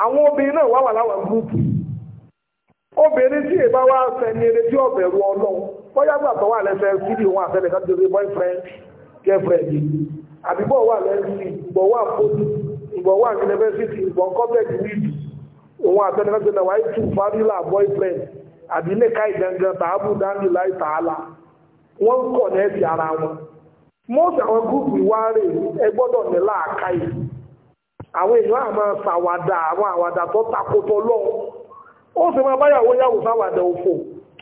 àwọn obìnrin náà wà wà láwọn gúrùpù obìnrin tí èbá bóyá gbà tó wà lẹ́sẹ̀ síbi wọn àtẹ́lẹ̀ ká tẹ́lẹ̀ boyfriend girlfriend àbíbọ̀ wà lẹ́sìn ìgbọ̀ wà fóònù ìgbọ̀ wà yunifásitì ìgbọ̀ kọ́tẹ̀kì níbi òun àtẹ́lẹ̀ ká tẹ́lẹ̀ wáyé tù fárílà boyfriend àbí nìka ìgangan tààbù dání láì tààlà wọ́n ń kọ̀ nẹ́ẹ̀tì ara wọn mọ́ọ̀sì àwọn gúrùpù wá rè ẹ gbọ́dọ̀ ní láàkáyè àwọn èèyàn àmọ́ ṣàwàdà àwọn àwàdà tó takotọ lọ́wọ́ ó sì máa báyàwó yàwó ṣàwàdà òfò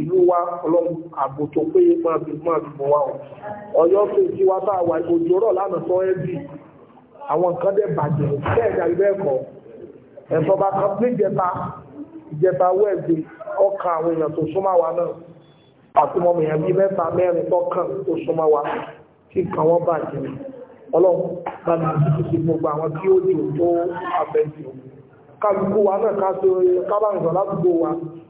ìlú wa ọlọ́run ààbò tó pé máa fi máa fi bọ̀ wá o ọ̀yọ́ tó ti wá tá a wà òjò rọ̀ lánàá sọ ẹ́ bì àwọn nǹkan dẹ̀ bàjẹ́ bẹ́ẹ̀ ni ẹ̀kọ́ ẹ̀sọ́ kan ní ìjẹta ìjẹta wẹ́ẹ̀dì ọkà àwọn èèyàn tó súnmọ́ wa náà àti mọ́mọ́ èèyàn bíi mẹ́ta mẹ́rin tọ́kàn tó súnmọ́ wa kí nǹkan wọn bàjẹ́ ọlọ́run bá mi títí